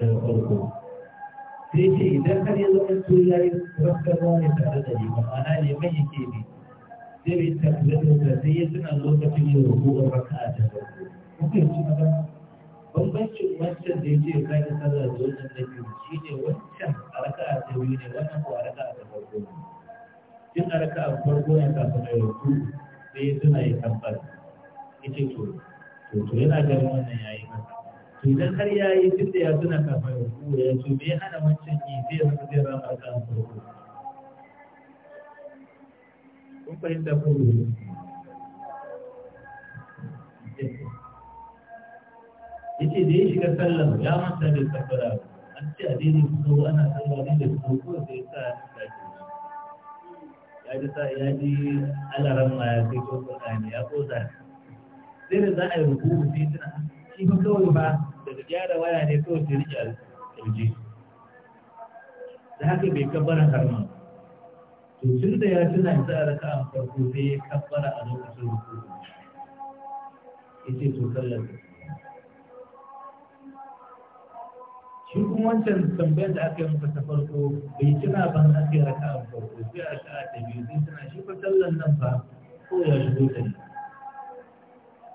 daga farko sai ce idan kan yi zama to ya yi raskarwa ne tare da ni ma'ana ne mai yake ne sai bai tafiye da sai ya tuna lokacin yin rubuwar raka a ta farko kuka yi cin ba bambancin wancan da ya ce ka yi sallah da wannan na biyu shi ne wancan a raka a ta biyu ne wannan ko a raka a ta farko ne cin a raka a farko ne kafin ya rubu sai ya tuna ya tabbar ya to to yana ganin wannan ya yi masa idan har ya yi duk ya tuna kafin ruku ya to me hana wancan yi zai zama zai rama a kan farko kun fahimta ko yace da ya shiga sallar ya manta da safara an ce a daidai su ana sallar ne da su ko sai sa ta ya ji sa ya ji alaran ma ya sai ko ya kosa sai da za a yi rubutu sai tana shi fa kawai ba daga gyara waya ne kawai ta riƙe a ƙirji da haka bai kabbara harma to tun da ya tuna yanzu a raka a farko sai ya kabbara a lokacin ruku ya ce to sallar shi kuma wancan tambayar da aka yi masa ta farko bai tuna ban aka yi raka a farko sai a raka ta biyu sai tuna shi fa sallar nan fa ko ya shigo ta ne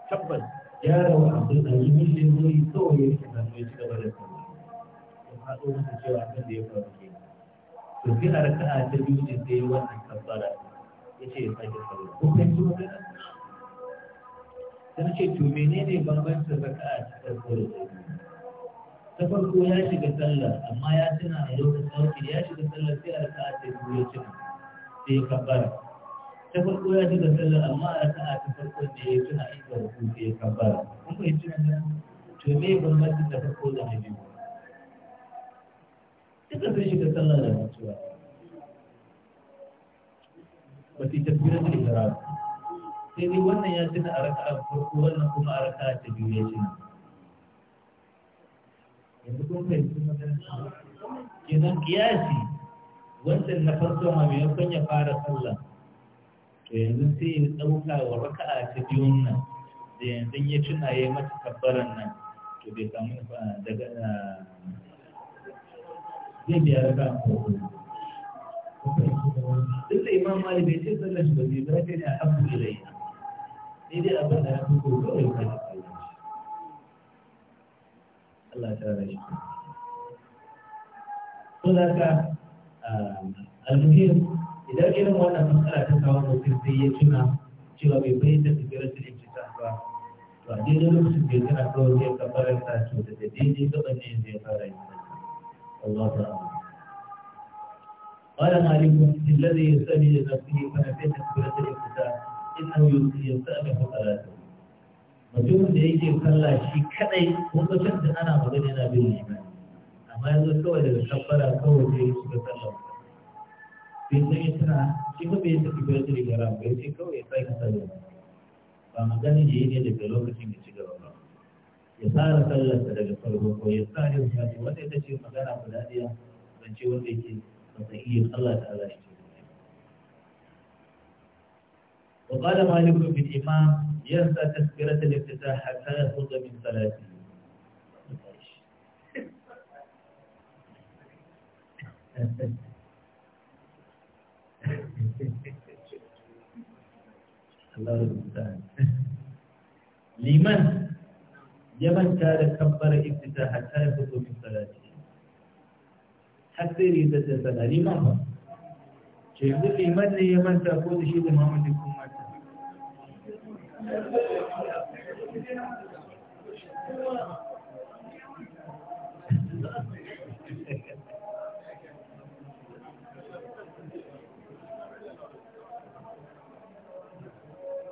tabbas yaro a ɗauki mishi wuri kawai ya rike hannu ya ci gaba da sallah ya faɗo masa cewa abin da ya faru ke to sai a raka'a ta biyu ce sai wannan kafara ya ce ya sake sallah ko kai ji magana sai ce to menene bambancin raka'a ta farko da ta biyu ta farko ya shiga sallah amma ya tuna a lokacin ya shiga sallah sai a raka'a ta biyu ya ci sai ya kafara ta farko ya shiga sallar amma a sa'a ta farko da ya yi suna tuna inda rubu ya kafara kun fahimci nan to me bambancin da farko da na biyu duka sun shiga sallar da mutuwa ba su tafiyar da ihram sai dai wannan ya tuna a raka'a farko wannan kuma a raka ta biyu ya tuna yanzu kun fahimci magana kenan kiyasi wancan na farko ma maimakon ya fara sallah to yanzu sai ya ɗauka wa raka'a ta biyun nan da yanzu ya tuna ya mata kabbaran nan to bai samu ah, daga ah, zai biya ko duk da imam mali bai ce shi ba zai ba ta ne a abu ilai sai dai abin da ya fi ko kawai ka da Allah ta rashi ko za ka al-muhim idan irin wannan matsala ta kawo mutum sai ya tuna cewa bai bai da sigaratul intisar ba to a daidai lokacin da ya tana kawai zai kafarar sa to da daidai gaban ne zai fara yin sallah Allah ta amma قال مالك الذي يستمي لنفسه فنفيت تكبيرة الافتتاح إنه يستأنف ثلاثة mutumin da yake sallah shi kadai lokacin da ana magana yana bin limani amma yanzu kawai daga kabbara kawai zai shiga sallah bai san ya tana shi ba bai tafi grocery gara ba ya ce kawai ya kai kasa da ba maganin ya yi ne daga lokacin ya ci gaba ba ya tsara sallarsa daga farko ko ya sa ya wuce wanda ita ce magana guda ɗaya ban ce wanda yake ba san iya Allah ta Allah shi وقال مالك بن إمام ينسى تذكرة الافتتاح حتى يخرج من صلاته Thank you. الله المستعان لمن لمن كان كبر افتتاح حتى من صلاته حتى يريد الصلاة لمن شيخ لمن لمن تأخذ شيء لمن يكون مات Thank you.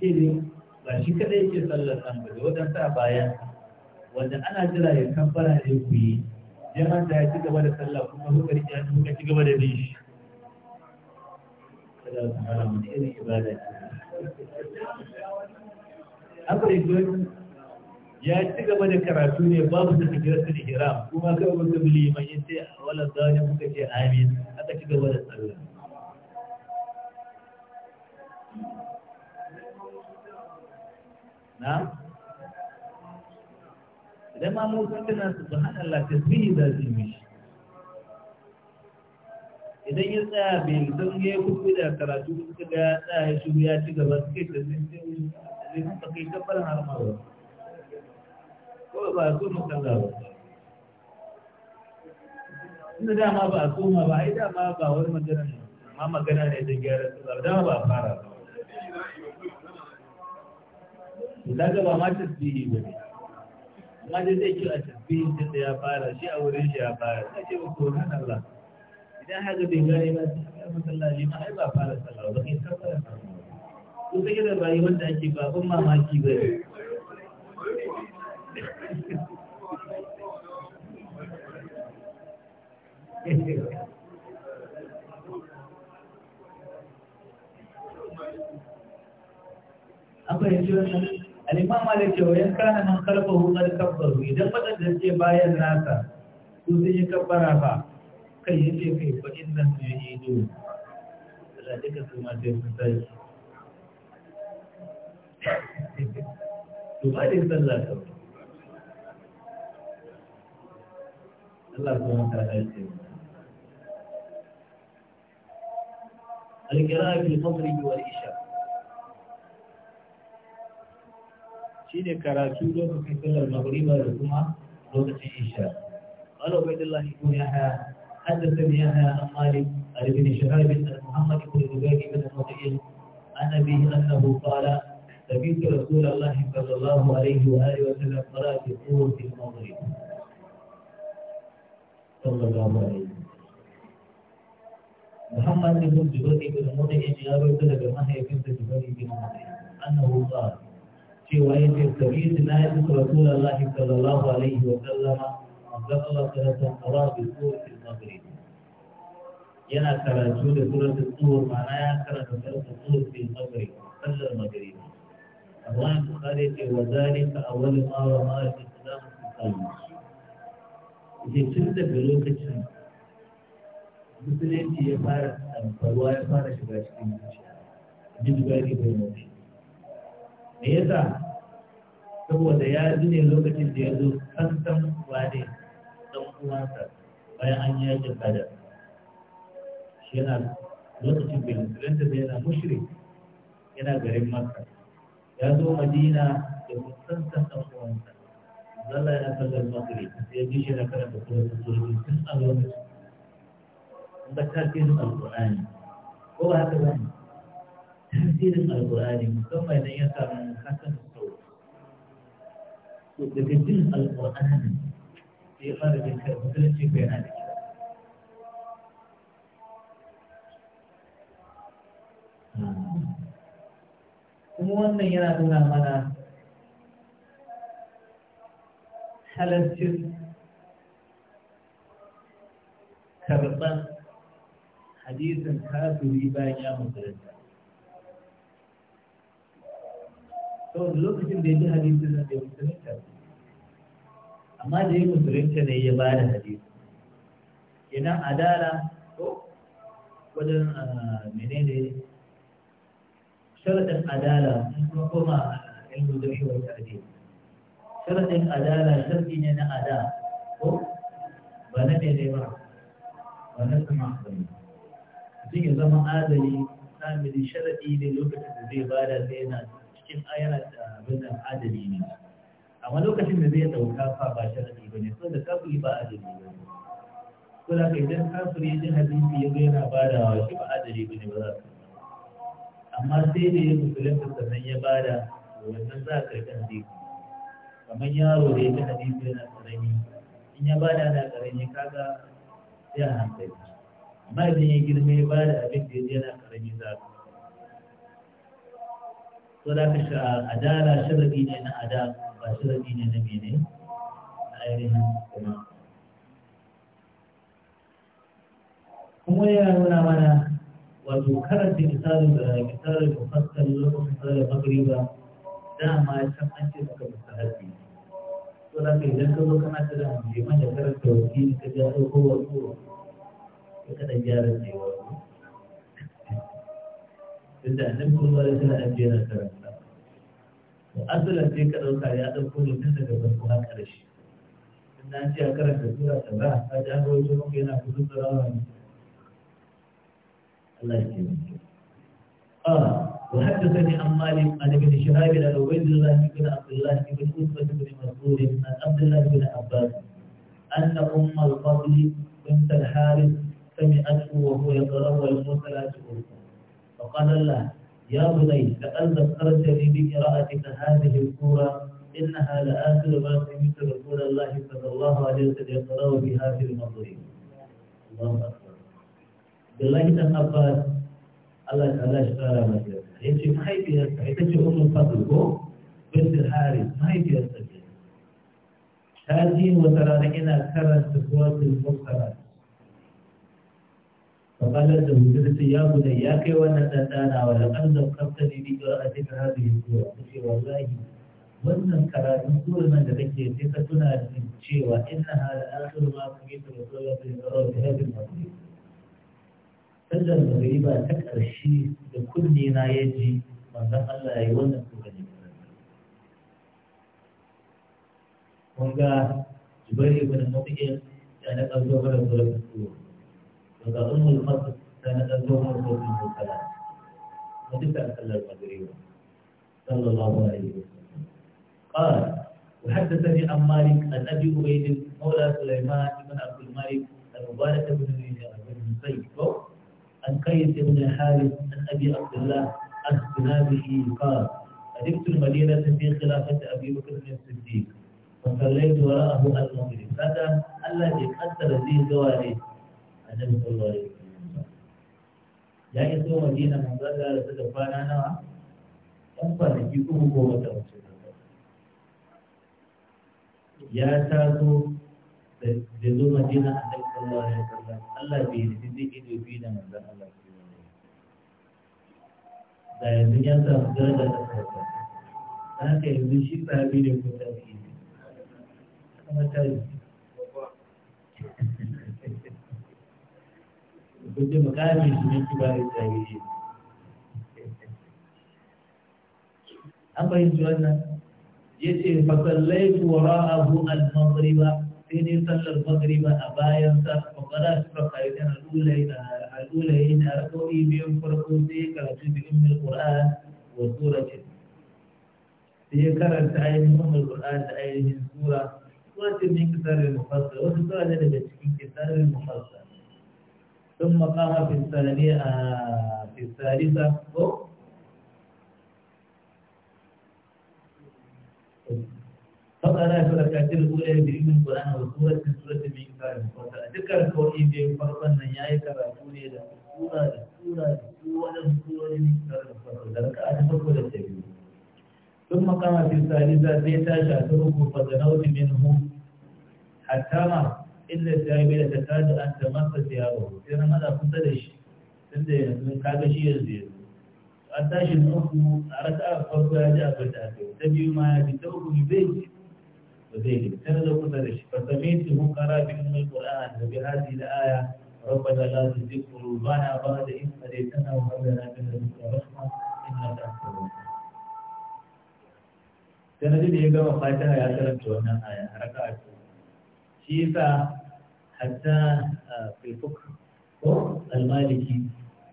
ce ne ba shi kaɗai ke sallar nan ba da wajen a bayan wanda ana jira ya kambara ne ku yi ya da ya ci gaba da sallah kuma kuka riƙe ya kuka ci gaba da bin shi kada su mara ce yi ya ci gaba da karatu ne babu da tafiyarsa da hiram kuma kawai wata biliman ya sai a wala zaune kuka ce amin aka ci gaba da sallah na idan ma mu tana subhanallah tasbihi da zai mishi idan ya tsaya bai san ya kuku da karatu suka ga ya tsaya ya shiru ya ci gaba suke da zai sai suka kai kafar harma ba Ko ba a so mu kalla ba Ina dama ba a koma ba ai dama ba wani magana ne ma magana ne da gyara su ba dama ba a fara ba to kaga ba ma tasbihi ba ne amma dai zai kyau a tasbihin tun da ya fara shi a wurin shi ya fara sai ce ba ko nan Allah idan haka bai gane ba sai ya masallaci ma ai ba fara sallah ba kai kafara ko kake da rayuwar wanda ake ba ban mamaki ba ne Apa yang jualan? al'imam malik cewa yan kana man karfa hukar kabbaru idan waɗanda ce bayan nasa su sun yi kabbara ba kai ya ce kai fa inda su yi ido da duka ma sai su Allah ta في الفجر والعشاء shine karatu lokacin sallar المغرب da kuma lokacin isha قال عبيد الله بن يحيى حدثني يحيى عن مالك عن ابن شهاب محمد بن زبير بن مطيل عن ابيه انه قال سمعت رسول الله صلى الله عليه واله وسلم قرأ بالطور في المغرب صلى الله عليه وسلم محمد بن جبير بن مطيع يروي ذلك ما هي بنت جبير بن مطيع انه قال cewa ya ce sabitu na yi suka rasulullahi sallallahu alaihi wa sallama manzon Allah sallallahu alaihi wa sallama bi yana karatu da suratul tur ma'ana ya karanta suratul tur fil maghrib sallar maghrib Allah Bukhari ce wa zalika awwal ma wa ma al-islam sallallahu alaihi wa tun daga lokacin musulunci ya fara tsamfarwa ya fara shiga cikin zuciya. Jibgari bai mutu. me yasa saboda ya ji ne lokacin da ya zo kansan wane dan uwansa bayan an yi yakin kada? shi yana lokacin bai musulunta da yana mushrik yana garin makka ya zo madina da musulunta dan uwansa zalla ya sallar makari sai ya ji shi na karanta kuma sosai tun a lokacin ta ce su alƙulani ko ba haka ba ne tasirin alƙur'ani musamman idan ya samu hasan sau to daga jin alƙur'ani sai fara jin kar musulunci ko yana da kyau kuma wannan yana nuna mana halarcin karɓar hadisin kafiri bayan ya musulunta saboda lokacin da ya ji hadisin nan bai musulunta amma da ya ne ya bada hadisi idan adala ko wajen ah, menene sharaɗin adala in kuma koma ilmu da shi wata ade sharaɗin adala sharaɗi ne na ada ko ba ne ba sama ba ne mutum sharaɗi ne lokacin da zai bada sai cikin yana da abin da adali ne amma lokacin da zai dauka fa ba sharadi ba ne saboda kafiri ba adali ba ne ko da kai dan kafiri jin hadisi ya ga yana badawa shi ba adali ba ne ba za ka amma sai da ya musulunta sannan ya bada wannan za ka karɓi hadisi kamar yaro da ya ga hadisi yana karami in ya bada na karami kaga sai a hankali amma idan ya girma ya bada abin da ya yana karami za ka so da ka sha adala sharadi ne na ada ba sharadi ne na mene na ainihin kuma kuma ya nuna mana wato karanta misalin da misalin mufassal lokacin misalin magriba dama can an ce suka mustahabi so da ka idan ka zo kana tana liman ya karanta wakili ka ja ɗauko wasu ka kada gyara cewa duk da annabi kuma da tana ajiyar karanta to azalan sai ka ɗauka ya ɗauko ne tun daga farko na ƙarshe in na ce a karanta sura tara ta ji an rawaito maka yana fito tsarawa ne Allah ya ke mai kyau. Wa ta sani an mali a daga da shahabi da rawai da zafi gina Abdullahi ne wasu kuma su gani masu zuwa na Abdullahi gina Abbas. An na Umar, al-Fadli bin Talharis sami a tsuwa ko ya tsarawa al-Musala ta ƙurƙu. Ba ƙwadon يا بني لقد ذكرتني بقراءتك هذه السورة إنها لآخر ما سمعت رسول الله صلى الله عليه وسلم يقرأ بها في المغرب الله أكبر بالله تنبأ الله تعالى اشترى ما يجي ما هي ما هي بيرتاح هذه وترانا إن أكثر السورة المنكرات فقالت له جلس يا بني يا كي وانا تدانا ولقد ذكرتني بقراءتك هذه السورة قلت والله wannan karatun suwar nan da kake sai ka tuna da cewa inna hada akhir ma kumitu rasulullahi sallallahu alaihi wasallam sallar magariba ta karshe da kunne na yaji ji manzon Allah ya yi wannan suka ne kun ga jibril ibn mu'min ya na إذا أم الفضل كانت الزوجة زوج من ثلاث وتسأل صلى المغرب صلى الله عليه وسلم قال وحدثني عن مالك عن أبي عبيد مولى سليمان بن عبد الملك المبارك بن بن سيد عن قيس بن حارث عن أبي عبد الله عن كلابه قال قدمت المدينة في خلافة أبي بكر الصديق فصليت وراءه المغرب هذا الذي قتل ذي زواري annabi sallallahu alaihi wasallam ya yi so madina manzo Allah da suka kwana nawa ɗan kwanaki uku ko wata uku ya taso da zo madina annabi sallallahu alaihi wasallam Allah bai yi zai ido bi da manzo Allah da yanzu ya samu da ta farko haka yanzu shi bi da ko ta yi kuma ta yi كنت مكاجس من كبار التابعين أما يسألنا يسي فصليت وراءه المغرب فيني صلى المغرب أبايا صح وقراش فقايتنا الأولين الأولين أرقوئي بهم فرقوسي كرسي هناك القرآن وسورة في هناك عين أم القرآن عين سورة وأتي من كتاب المفصل وأتي من كتاب المفصل ثم قام في الثانية آه، في الثالثة فقال فقرأ شركات الأولى من القرآن وسورة من سورة من كار مفصلة ذكر قوله بفرقا نياي كراتوني دا سورة دا سورة دا سورة دا سورة من كار مفصلة ذلك آن فرقه للتبيل ثم قام في الثالثة زيتا شاتره فظنوت منه حتى ما inda ta yi bai da ta da an ta masa yaro sai na maza kusa da shi tunda yanzu ka ga shi yanzu yanzu an tashi na uku a raka a farko ya ji abin da aka yi ta biyu ma ya ji ta uku bai ji ba zai ji ta da kusa da shi fa sami su mun kara bi mai qur'an da bi hadi da aya ربنا لا تزغ قلوبنا بعد إذ هديتنا وهب لنا من لدنك رحمة إنك أنت الوهاب sanadi da ya gama fatiha ya karanta wannan aya raka'a shi yasa hatta filfuk ko almaliki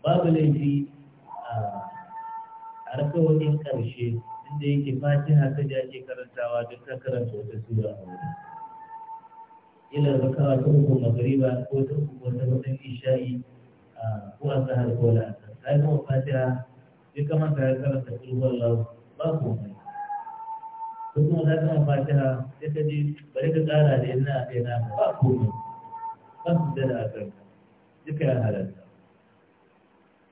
babu laifi a raka wani ƙarshe inda yake fatiha ta da ake karantawa duk ta karanta wata sura a wuri ila rakawa ta uku magariba ko ta uku wata wata isha'i ko a sahar ko la'asar ta gama fatiha duk kamar ta karanta kulhuwar lau ba komai ko kuma za ka mafa ta sai ka ji bari ka tsara da yana a kai na ba komai ba su da da akan duka ya halarta.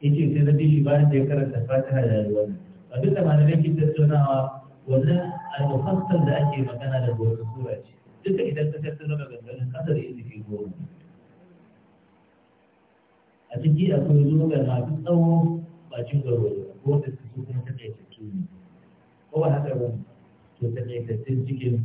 Ya ce sai na bishi bayan da ya karanta fatiha da ruwan abin da malamai ke tattaunawa wannan al da ake magana da wata sura ce duka idan ka tattauna maganganun kasar izifi goma a ciki akwai zogar masu tsawo bakin garo ko da su kuma ta kai ne ko ba haka ba da taƙaitattun cikin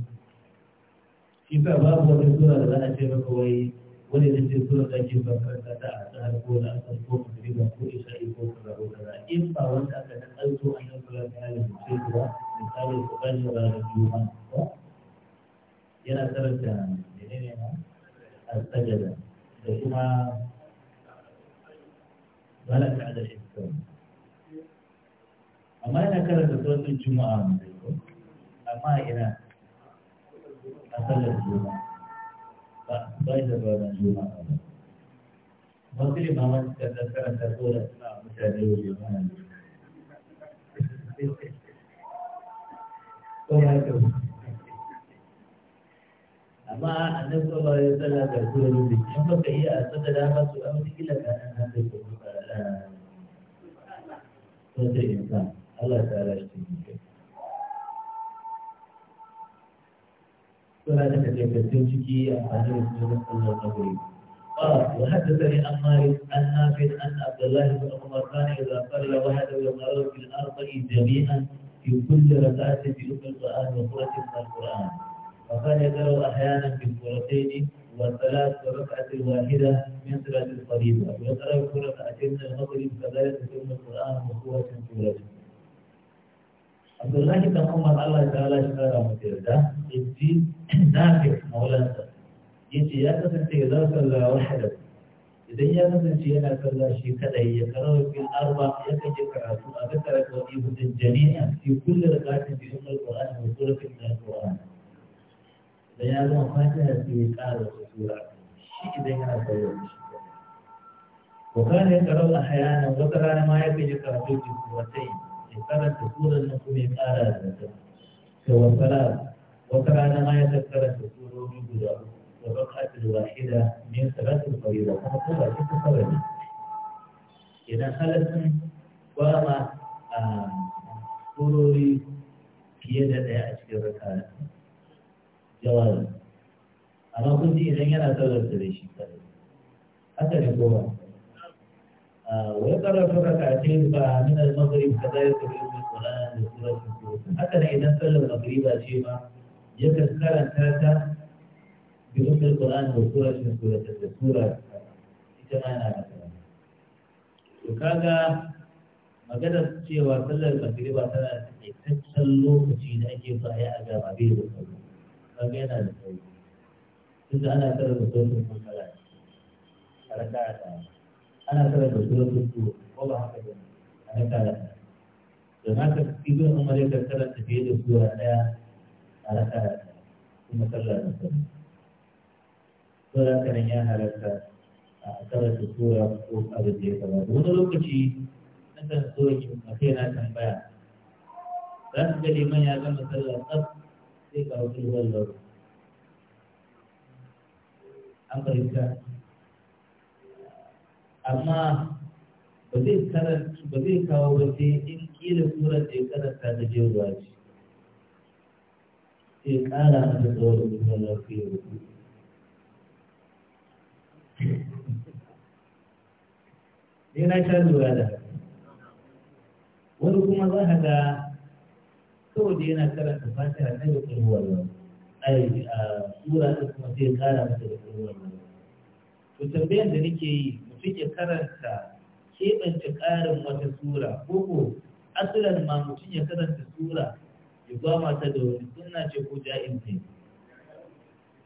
shi ba babu wata sura da za a ce maka wai wani da ce sura da ake bambanta ta a tsahar ko da asar ko magriba ko isha'i ko kaza ko kaza in ba wanda aka ta ɗauko a nan kula da halin ce su ba misali su ba ne ranar juma'a ko yana karanta menene ma a sajada da kuma malaka da shi amma yana karanta sautin juma'a mai ko amma ina a sallar juma ba bai da ranar juma ba wasu limaman suka tsakara ta so da suna mutane yau da mana ne ko ya kyau amma annabi sallallahu alaihi wasallam ga su da rubi in baka iya a sada da ba su an kila ka nan nan da ko ka da sosai insan Allah ta rashi ne suna da takaitattun ciki a hannun sunan Allah وحدثني عن مالك عن نافع ان عبد الله بن عمر كان اذا صلى وحده يقرأ في الارض جميعا في كل ركعه بام القران وسوره من القران وكان يقرا احيانا في بالسورتين وثلاث والركعه واحده من صلاه الفريضه ويقرا في ركعتين من المغرب كذلك بام القران وسوره سوره عبد الله بن عمر الله تعالى شكرا مسيرته nafi maulansa ya ce ya kasance za salla wahada idan ya kasance yana salla shi kadai ya karawa fil arba ya kaje karatu a zakara ka wani hudun jami'a fi kulli rakatin bi ummul qur'an wa suratin min al-qur'an da ya zama fatiha sai ya kara wata sura shi idan yana salla shi وكان يقرأ أحيانا وترى ما يبي يقرأ في السورتين يقرأ سورة النجوم يقرأ كوثرات وكان ما يتذكر الدكتور من جدار وبقعت الواحدة من ثلاث فريضات وبقعت الفرد إذا خلت وما ضروري كيدا لا أشكر كان جوال أما كنت إذا أنا تغير تريشي كان حتى نقوم ويقرا ركعتين من المغرب حتى في القران آه، لسوره حتى اذا صلى المغرب اشيما yakan karanta ta bi umar qur'ani wa sura shi sura ta sura ita ma yana da to kaga maganar cewa sallar magriba tana da taitaccen lokaci da ake so a yi a gaba bai da sauri kaga yana da sauri da ana karanta sautin kun kala a raka da ana karanta sautin ku ko ba haka ba a raka da don haka ibn umar ya karanta fiye da sura ɗaya. على المترجم فلا كان يهل ترك الصورة أو أبدية تبادل هنا لو كشي أنت تقول أخيرا كان بايع لأن كلي من يعلم مثلا أب سيكا وكل هو اللغة أم بريسا أما بديك كارا بديك كارا بديك إن كيل الصورة تيكارا تاتي جيو واجي sai ƙara mata tsawon rukun lafiya rukun sai na sha lura da wani kuma za ka ga kawai da yana karanta fatiha na da kurwar ai a sura ta kuma sai ƙara mata da kurwar to tambayar da nake yi mutum ya karanta keɓance ƙarin wata sura ko ko asalan ma mutum ya karanta sura idama ta da wani sunna ce ko ja'iz ne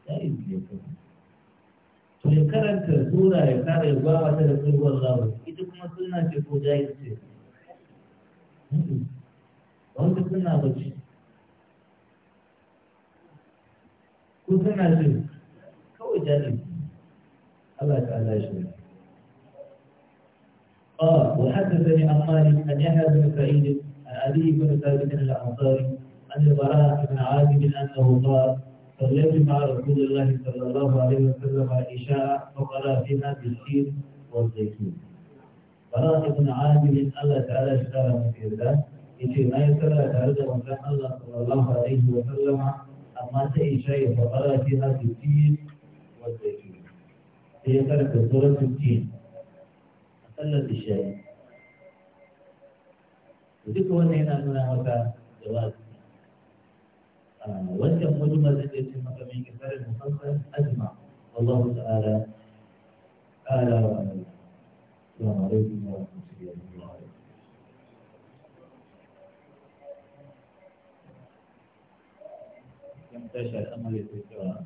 ja'iz ne karanta sura ya kara ya gwaba da tsohuwar zawo ita kuma sunna ce ko ja'iz ce wanda suna bacci ko suna ce kawai ja'iz Allah ta Allah shi قال وحدثني عن مالك ان يحيى بن سعيد عن ابي بن ثابت الانصاري عن براءة بن عازب أنه قال صليت مع رسول الله صلى الله عليه وسلم العشاء فقرا فيها بالشير والزيتون براءة بن عازب الله تعالى اشترى من كذا يجي ما يسرى تعالى وكان الله صلى الله عليه وسلم أما تعيشا فقرا فيها بالشير والزيتون هي ترك سورة الدين. أقلت الشيء وذكر هنا أننا مكان جواز وانت مقدمة الذي يتم من كتاب المفصل أجمع والله تعالى أعلى السلام عليكم ورحمة الله وبركاته كم تشعر الأمر يتكرر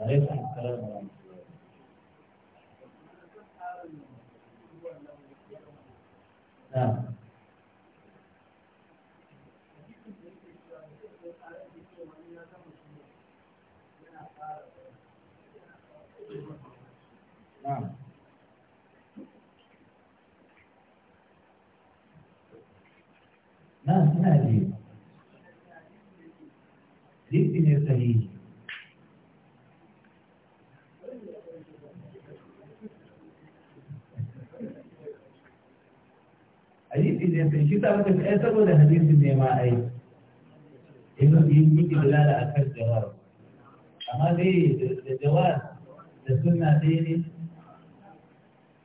عليكم السلام ورحمة الله ne sahihi hadisi ne sai shi ta muka sai saboda hadisi ne ma a ai in yi miki bulala a kan jawar amma dai da jawar da suna ɗaya ne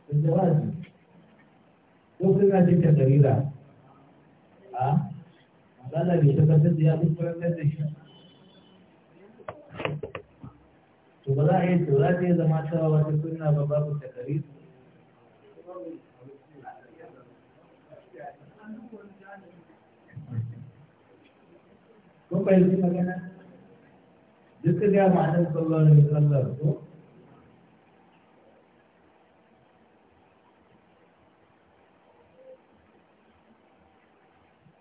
da jawar ne ko suna ce ta garira a ah? Allah bai tabbatar da ya fi furantar da shi to ba za a yi to za ta yi zama cewa wata sunna ba babu takari kun fahimci magana duk ka ga ma'anar sallallahu alaihi wasallam ko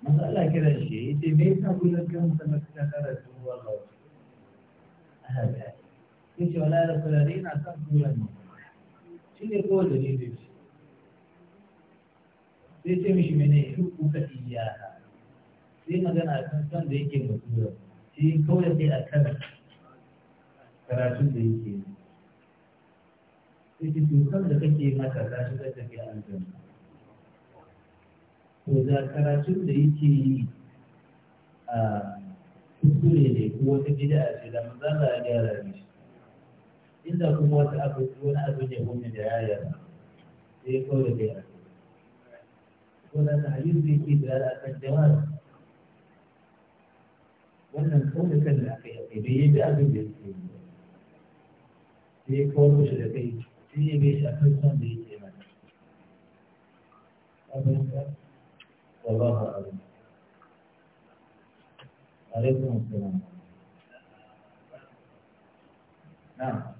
matsala kiran shi ya ce me kullum sai ce wala da kulare yana son turan ne shi ne kowa da ne zai sai ce mishi mene hukku ka iyaka sai magana a kan son da yake ma turan shi kawai sai a kan karatun da yake yi yake dokar da kake mata ta shi zai tafi aljanna to da karatun da yake yi a kuskure ne ko wata gida a ce da manzan da ya gyara mishi inda kuma wata abu wani abu ne kuma da ya yi sai kawai da ya wannan hadisi da yake da a kan jama'a wannan kawai kan da aka yi bai yi da abin da yake yi sai kawai shi da kai sai ya bai shafin son da yake mana abin da wallahu a'lam alaikum assalam نعم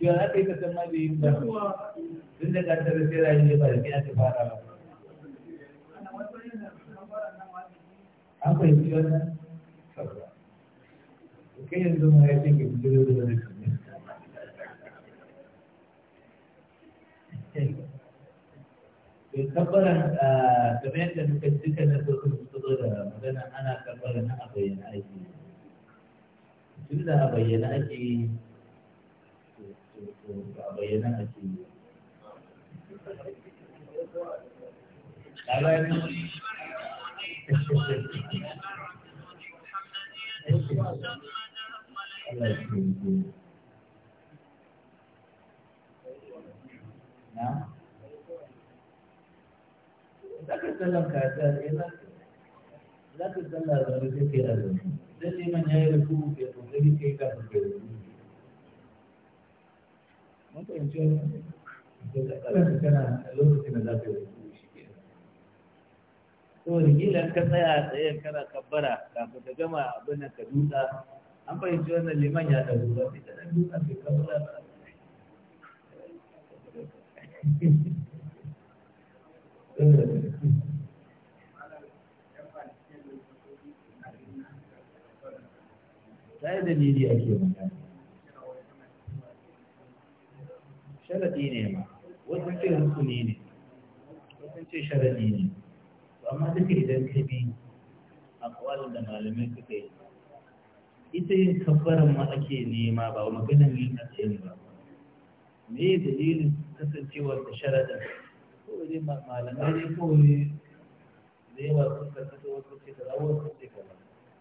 yau na yi kasan ma bai yi ba tun da gasar da sai rayu ne ba da kina ta fara ba an fahimci wannan kai yanzu ma ya ce ke fito da zuwa da kabbaran kamar yadda muka duka na so sun fito da magana ana kabbaran na a bayyana ake tun da a bayyana ake a bayyana a Za ka zaka ka ta ya za zaka sallar da wani sai kai azumi dan neman yayi ruku ya kokari kai ka ruku mun da ka tsaya a tsaya kana kabbara kafin ka gama abin ka dutsa an fahimci wannan liman ya dago sai ka dan dutsa ka sai da dalili ake magana sharadi ne ba wasu ce rukuni ne wasu ce sharadi ne amma duka idan ka bi a kawalin da malamai suka yi ita yin kabbarin ma ake nema ba wa maganin yin asirin ba me dalilin kasancewar da sharadin ko wani malamai ne ko wani da yawa sun karkata wasu ce rawar sun ce kaza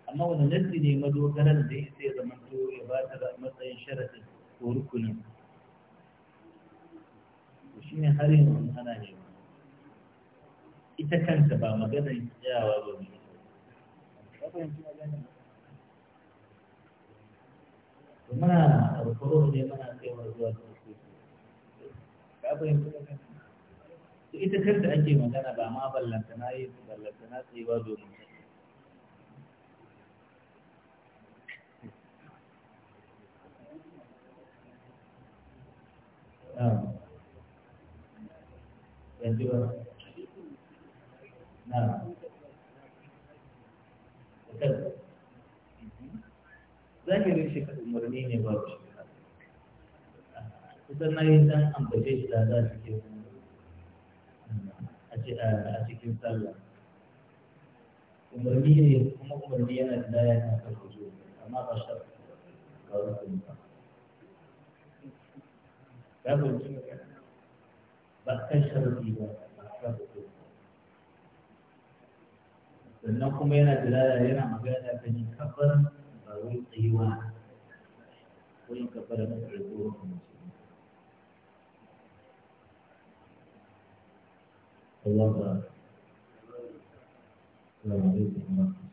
amma wani nasi ne madogaran da ya sai zamanto ya ba ta matsayin sharadin ko rukunin shi ne har yanzu ana nema ita kanta ba maganar tsayawa ba ne muna alfaro ne muna kaiwa zuwa da su ka fahimci da kanta ita kanta ake magana ba ma ballantana yi ballantana tsayawa domin Um, yanzu ba na zahirin shi umarni ne ba shi kusan na yi dan ambace shi da za su ke a cikin sallah umarni ne kuma umarni yana da daya na karfi zuwa amma ba shi ba rukun ba ya fahimci magana فاستشهدوا في sannan kuma yana dalala yana magana kan yin kafara ba wai tsayuwa ko yin kafara na tsarko Allah ba. Allah ba.